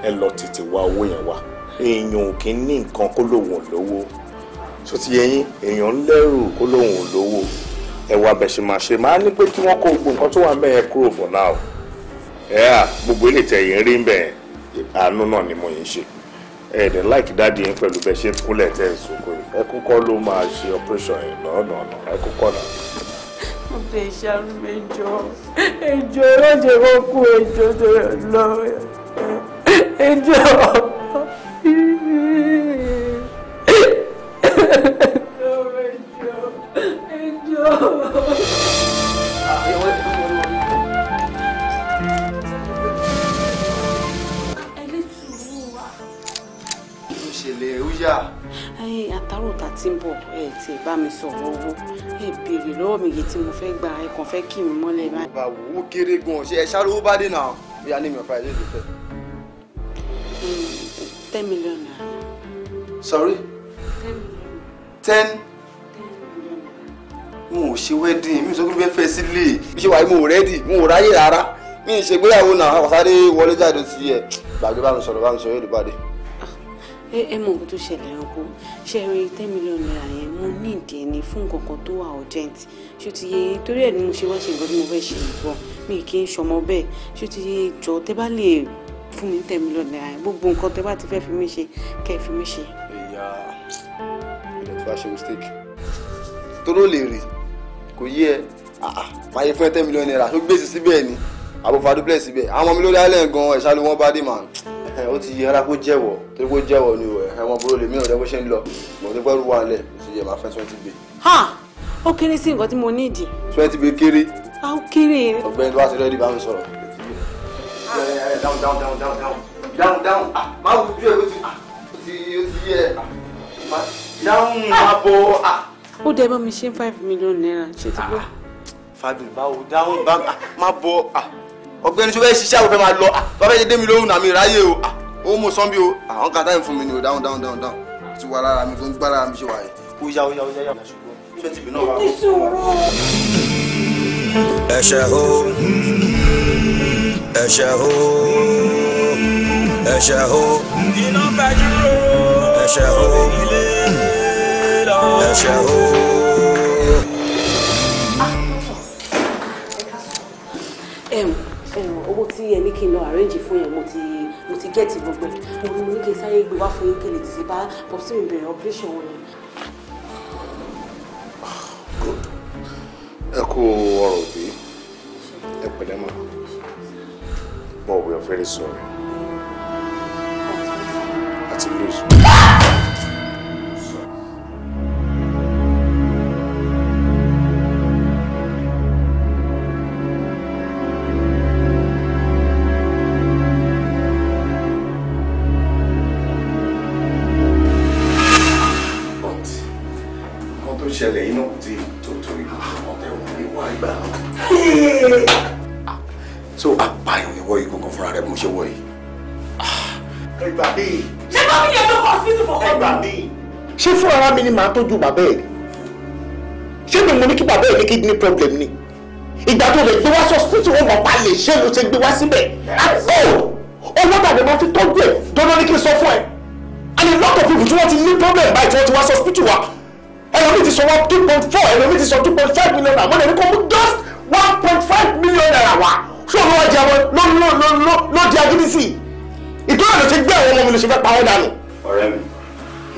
ẹ lọ tètè wá owó yẹn wá èèyàn ò kí ń ní nǹkan kó lòun ò lówó tó ti yẹ yín èèyàn ń lẹ́rù kó lòun ò lówó ẹ wá bẹ̀ ṣe máa ṣe máa ní pé kí wọ́n kó gbogbo nǹkan tó wà mẹ́ẹ̀ kúrò for now ẹ̀ à gbogbo ilé ìtẹ̀yìn rí ń àánú náà ni mo yẹn ń ṣe ẹ dẹ̀ láìkí dáàdi yín pẹ̀lú bẹ́ẹ̀ ṣe ń kúnlẹ̀ tẹ́ ẹ̀ sunkún yìí ẹkún kọ́ ló máa ṣe operation yìí lọ́nà ọ̀nà ẹkún kọ́ náà. mo tẹ ìṣàánú ẹjọ ẹjọ ẹjọ kó kú ẹjọ tó lọ ẹjọ. ẹjọ ẹjọ. yá. àtàrò ta ti ń bọ̀ ẹ ti bá mi sọ̀rọ̀ owó ẹ béèrè lọ́wọ́ mi yìí tí mo fẹ́ gbà ẹ kàn fẹ́ kí mi mọ́lẹ̀ báyìí. bá wo kéré gan ṣe ẹ ṣáré bá dé náà bóyá ní mi ò fàyè lè sorry. ten million ò ṣe wedding mi sọ pé mo fẹ́ fẹ́ sílé mi ṣe wà ní mo ò rẹ́dì mo ò ráyè rárá mi ì ṣègbéyàwó náà àwọn wọlé jáde ti ẹ̀ gbàgbé bá mi sọ̀rọ̀ bá mi sọ̀rọ̀ èdè bá dé ẹ mọ nǹkan tó ṣẹlẹ̀ ọkọ ṣe é rí ten million naira yẹn mo ní ìdí ẹni fún nǹkan kan tó wà urgent ṣó ti yé torí ẹ̀ ni mo ṣe wá ṣe nǹkan tí mo fẹ́ ṣe ìbọn mi kì í ṣọmọ bẹ́ẹ̀ ṣó ti yé jọ tẹ bá lè fún mi ten million naira yẹn gbogbo nǹkan tẹ bá ti fẹ́ fi mí ṣe kẹ́ ẹ fi mí ṣe. ìyá ìdẹ̀ tí wàá ṣe mistake tóró lè rè kò yé ẹ ah, ah, máa yẹ fún ẹ ten million naira tó gbèsè síbẹ̀ ni àbòfà dúpẹ́ síbẹ̀ àwọn ọmọ mi lórí alẹ́ gan ẹ̀ṣá ló ó ti yẹra kó jẹ́wọ̀ torí kó jẹ́wọ̀ ni o ẹ̀wọ̀n burú lèmi náà lẹ́wọ́ ṣe ń lọ mo ti gbẹ́rù wà lẹ̀ o ti yẹ máa fẹ́ twenty bay. ó kéré sí nǹkan tí mo ní ìdí. twenty bay kéré. a ó kéré. ọ̀gbẹ́ni wá sí rẹ́ẹ̀dì bá mi sọ̀rọ̀. Ah. down down down down down down down ah, máa wù bí ẹ o ti o ah, ti yẹ down máa bọ̀ ó dẹ́ bá mi ṣe five million naira ṣe five million báwo down bá máa bọ̀ ọ̀gbẹ́ni tó fẹ́ ṣiṣẹ́ àwọn fẹ́ máa lọ tó fẹ́ ṣe dé mi lóhùn àmì ìráyè o ah, ó mú sọ́nbí o ah, àwọn kan táyì fún mi ni o dáhùn dáhùn dáhùn dáhùn ti wà lára mi tó ń gbá mi ṣe wà yìí. ó yá ó yá ó yá yá ṣùgbọ́n twenty bi náà wà. ẹ̀ṣẹ̀ o ẹ̀ṣẹ̀ o ẹ̀ṣẹ̀ o iná o ẹ̀ṣẹ̀ o ẹ̀ṣẹ̀ o. Ah, owó tí ẹ ní kí n lọ arrange fún yẹn mo ti mo ti gẹ́ẹ̀tì gbogbo ẹ̀ mo ní kí n sáré gbé wá fún yín kí lè tètè bá popsi mi bẹ̀rẹ̀ operation wọn ẹ kú ọ̀rọ̀ òbí ẹ pẹ̀lẹ́ mọ́ but we are very sorry àti lose. bàbá mi ni màá tọ́jú bàbá ẹ̀ ṣé mi mo ní kí bàbá ẹ̀ ní kidney problem ni ìgbà tó lè gbé wá sọ sí ìwọ̀n bàbá lè ṣe ló ṣe gbé wá síbẹ̀ àtọ́ owó bàbá máa fi tọ́jú ẹ̀ dandan ní kí n sọ fún ẹ and a lot of people tí wọ́n ti ní problem báyìí tí wọ́n ti wá sọ hospital wa ẹlòmíì ti sọ wá two point four ẹlòmíì ti sọ two point five million naira wọ́n lè ní mú just one point five million naira wá ṣé òun wá jẹ àwọn ló ló ló ló di agídí sí i ìtọ́jú ló ṣe gbé àwọn ọmọ mi ló ṣe fẹ́ pa ọ́ dànù. ọ̀rẹ́ mi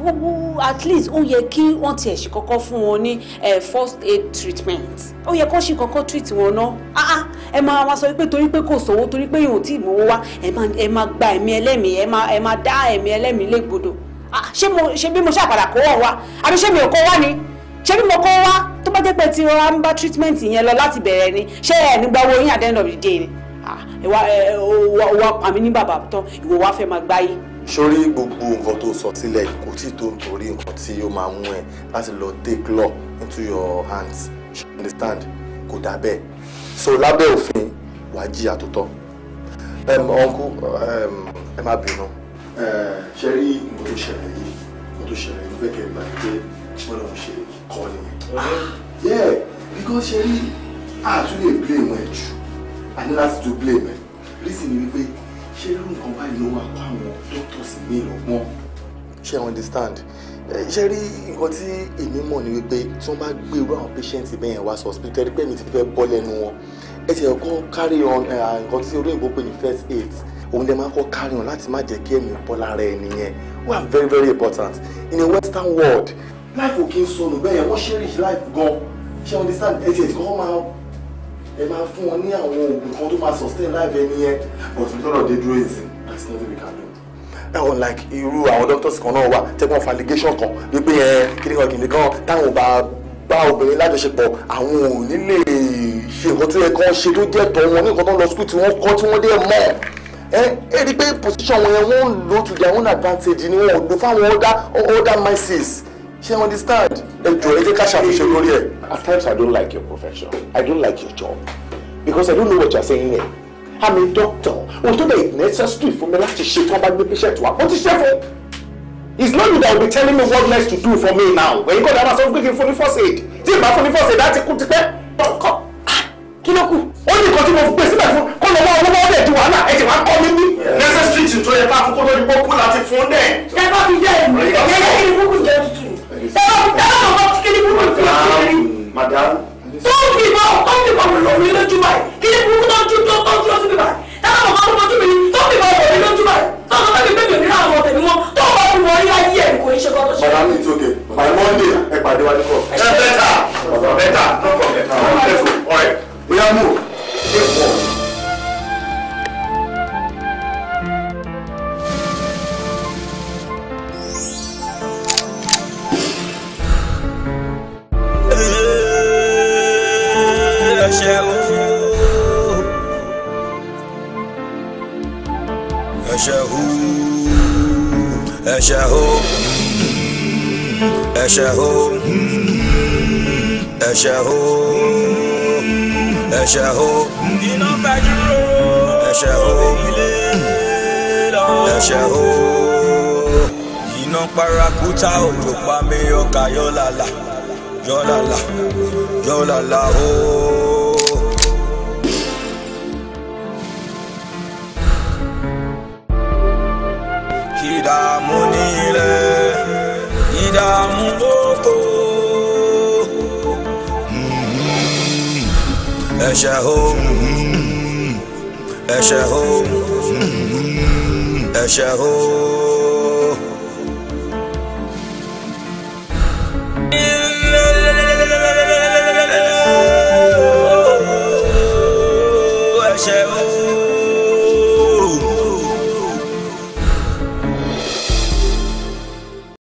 gbogbo at least ó yẹ kí wọ́n tiẹ̀ ṣì kọ́kọ́ fún wọn ní first aid treatment ó yẹ kó ṣì kọ́kọ́ treat wọn náà ah, ah, ẹ máa wá sọ wípé torí pé kò sówó torí pé ìhùn tí ìmọ̀wó wá ẹ máa gba ẹ̀mí ẹlẹ́mìí ẹ máa dá ẹ̀mí ẹlẹ́mìí légbodò ah, ṣé bí mo ṣàpàdà kó wọ̀ wá àbí ṣé mi ò kó wá ni ṣé bí mo kó wá tó bá jẹ́ pé tí wọ́n á ń bá treatment yẹn lọ láti bẹ̀rẹ̀ ni ṣé ẹ̀ nígbà wo yín at the end of the day ni ìwà àmì ní bàbá tán ìwọ wá fẹ́ máa gbáyé sórí gbogbo nǹkan tó sọ sílẹ̀ kò tí tó nítorí nǹkan tí ó máa mú ẹ láti lọ take law into your hands you understand kò dá bẹ́ẹ̀ so lábẹ́ òfin wàá jìyà tó tọ́ uncle ẹ má bínú. ṣe rí nǹkan tó ṣẹlẹ̀ yìí nǹkan tó ṣẹlẹ̀ yìí gbẹ́kẹ̀ gbà pé wọ́n lọ ṣe kọ́ nìyẹn. yeah because ṣe rí àtúnyẹ̀ blame ẹ̀ jù àní láti tún blame ẹ̀ reason ni wípé ṣé irú nǹkan báyìí ló wà kó àwọn doctors ní ìlọ́gbọ́n. ṣé understand ṣe rí nǹkan tí èmi mọ̀ ni wípé tí wọ́n bá gbé irú àwọn patient bẹ́ẹ̀ yẹn wá sí hospital ẹ̀rí pé mi ti fẹ́ bọ́ lẹ́nu wọn ẹ ti ẹ̀kọ́ carry on nǹkan tí olóyìnbó pè ní first aid òun dẹ̀ máa kọ́ carry on láti má jẹ́ kí ẹ̀mí bọ́ lára ẹni yẹn wà very very important in a western world life ò kí ń sọnù bẹ́ẹ̀ yẹn wọ́n ṣe rich life gan ṣe understand ẹ ti ẹ̀kọ́ máa ẹ máa fún wọn ní àwọn oògùn kan tó máa sustain life ẹni yẹn but n tọrọ dé dúró ìsìn that's not the problem. ẹ wọn like irú àwọn doctors kan náà wà tẹ́gbọ́n fa allegation kan wípé ẹ kíni kan kìnìún kan táwọn bá bá obìnrin lájọṣepọ̀ àwọn ò ní lè ṣe nǹkan tó yẹ kán ṣe tó jẹ́ tọ́ wọn ní nǹkan tó ń lọ school tí wọ́n kọ́ tí wọ́n dé mọ́ ẹ ẹ rí i pé position wọn yẹn wọ́n ń lò to their own advantage ni wọ́n ò lò fáwọn other other masses ṣé wọ́n understand ẹ jọ ẹ jẹ́ ká ṣàtúnṣe lórí ẹ̀. at times i don't like your profession i don't like your job because i don't know what you are saying here i'm a doctor ohun tó dẹ̀ necessary fún mi láti ṣe tí wọ́n bá gbé patient wa mo ti ṣe fún it's not you that will be telling me what next to do for me now when you go down and say gbege fún ní first aid tí ìbá fún ní first aid láti kú ti pẹ́ kọ́ ah, kí ló kù ó ní nǹkan tí mo gbé sílẹ̀ fún kó lọ́wọ́ ọlọ́wọ́ ọ̀dẹ̀ di wàhálà ẹ ti wá kọ́ mi ní. necessary to tó yẹ ká fún kó lórí pọ́pọ́ láti fún dẹ̀. ẹ bá fi jẹ́ ẹ̀mí ẹ̀yẹ́ kí ni kúkú jẹ́ tuntun madam. tó ń fi ìbọn tó ń fi ìbọn wò lórí lójú báyìí kí ni burúkú tó ń ju tó ń dúró síbi báyìí táwọn ọmọ tó fojú mi ni tó ń fi ìbọn wò lórí lójú báyìí tó ń sọ fẹ́mi it's okay by monday ẹ pàdé wa ní kọ. ẹ bẹ́tà bẹ́tà no problem. ọ̀rẹ́ bóyá mú o ṣe pọ̀. ẹ̀ṣẹ̀ o. ẹ̀ṣẹ̀ o ẹ̀ṣẹ̀ o ẹ̀ṣẹ̀ o ẹ̀ṣẹ̀ o ẹ̀ṣẹ̀ o. iná fẹ́ dúró o ẹ̀ṣẹ̀ òjò pa mi ọkà yọ lálá yọ lálá yọ lálá o. ìdààmú nílẹ̀ ìdààmú oko. ẹ̀ṣẹ̀ o ẹ̀ṣẹ̀ o ẹ̀ṣẹ̀ o. ẹ̀ṣẹ̀ o.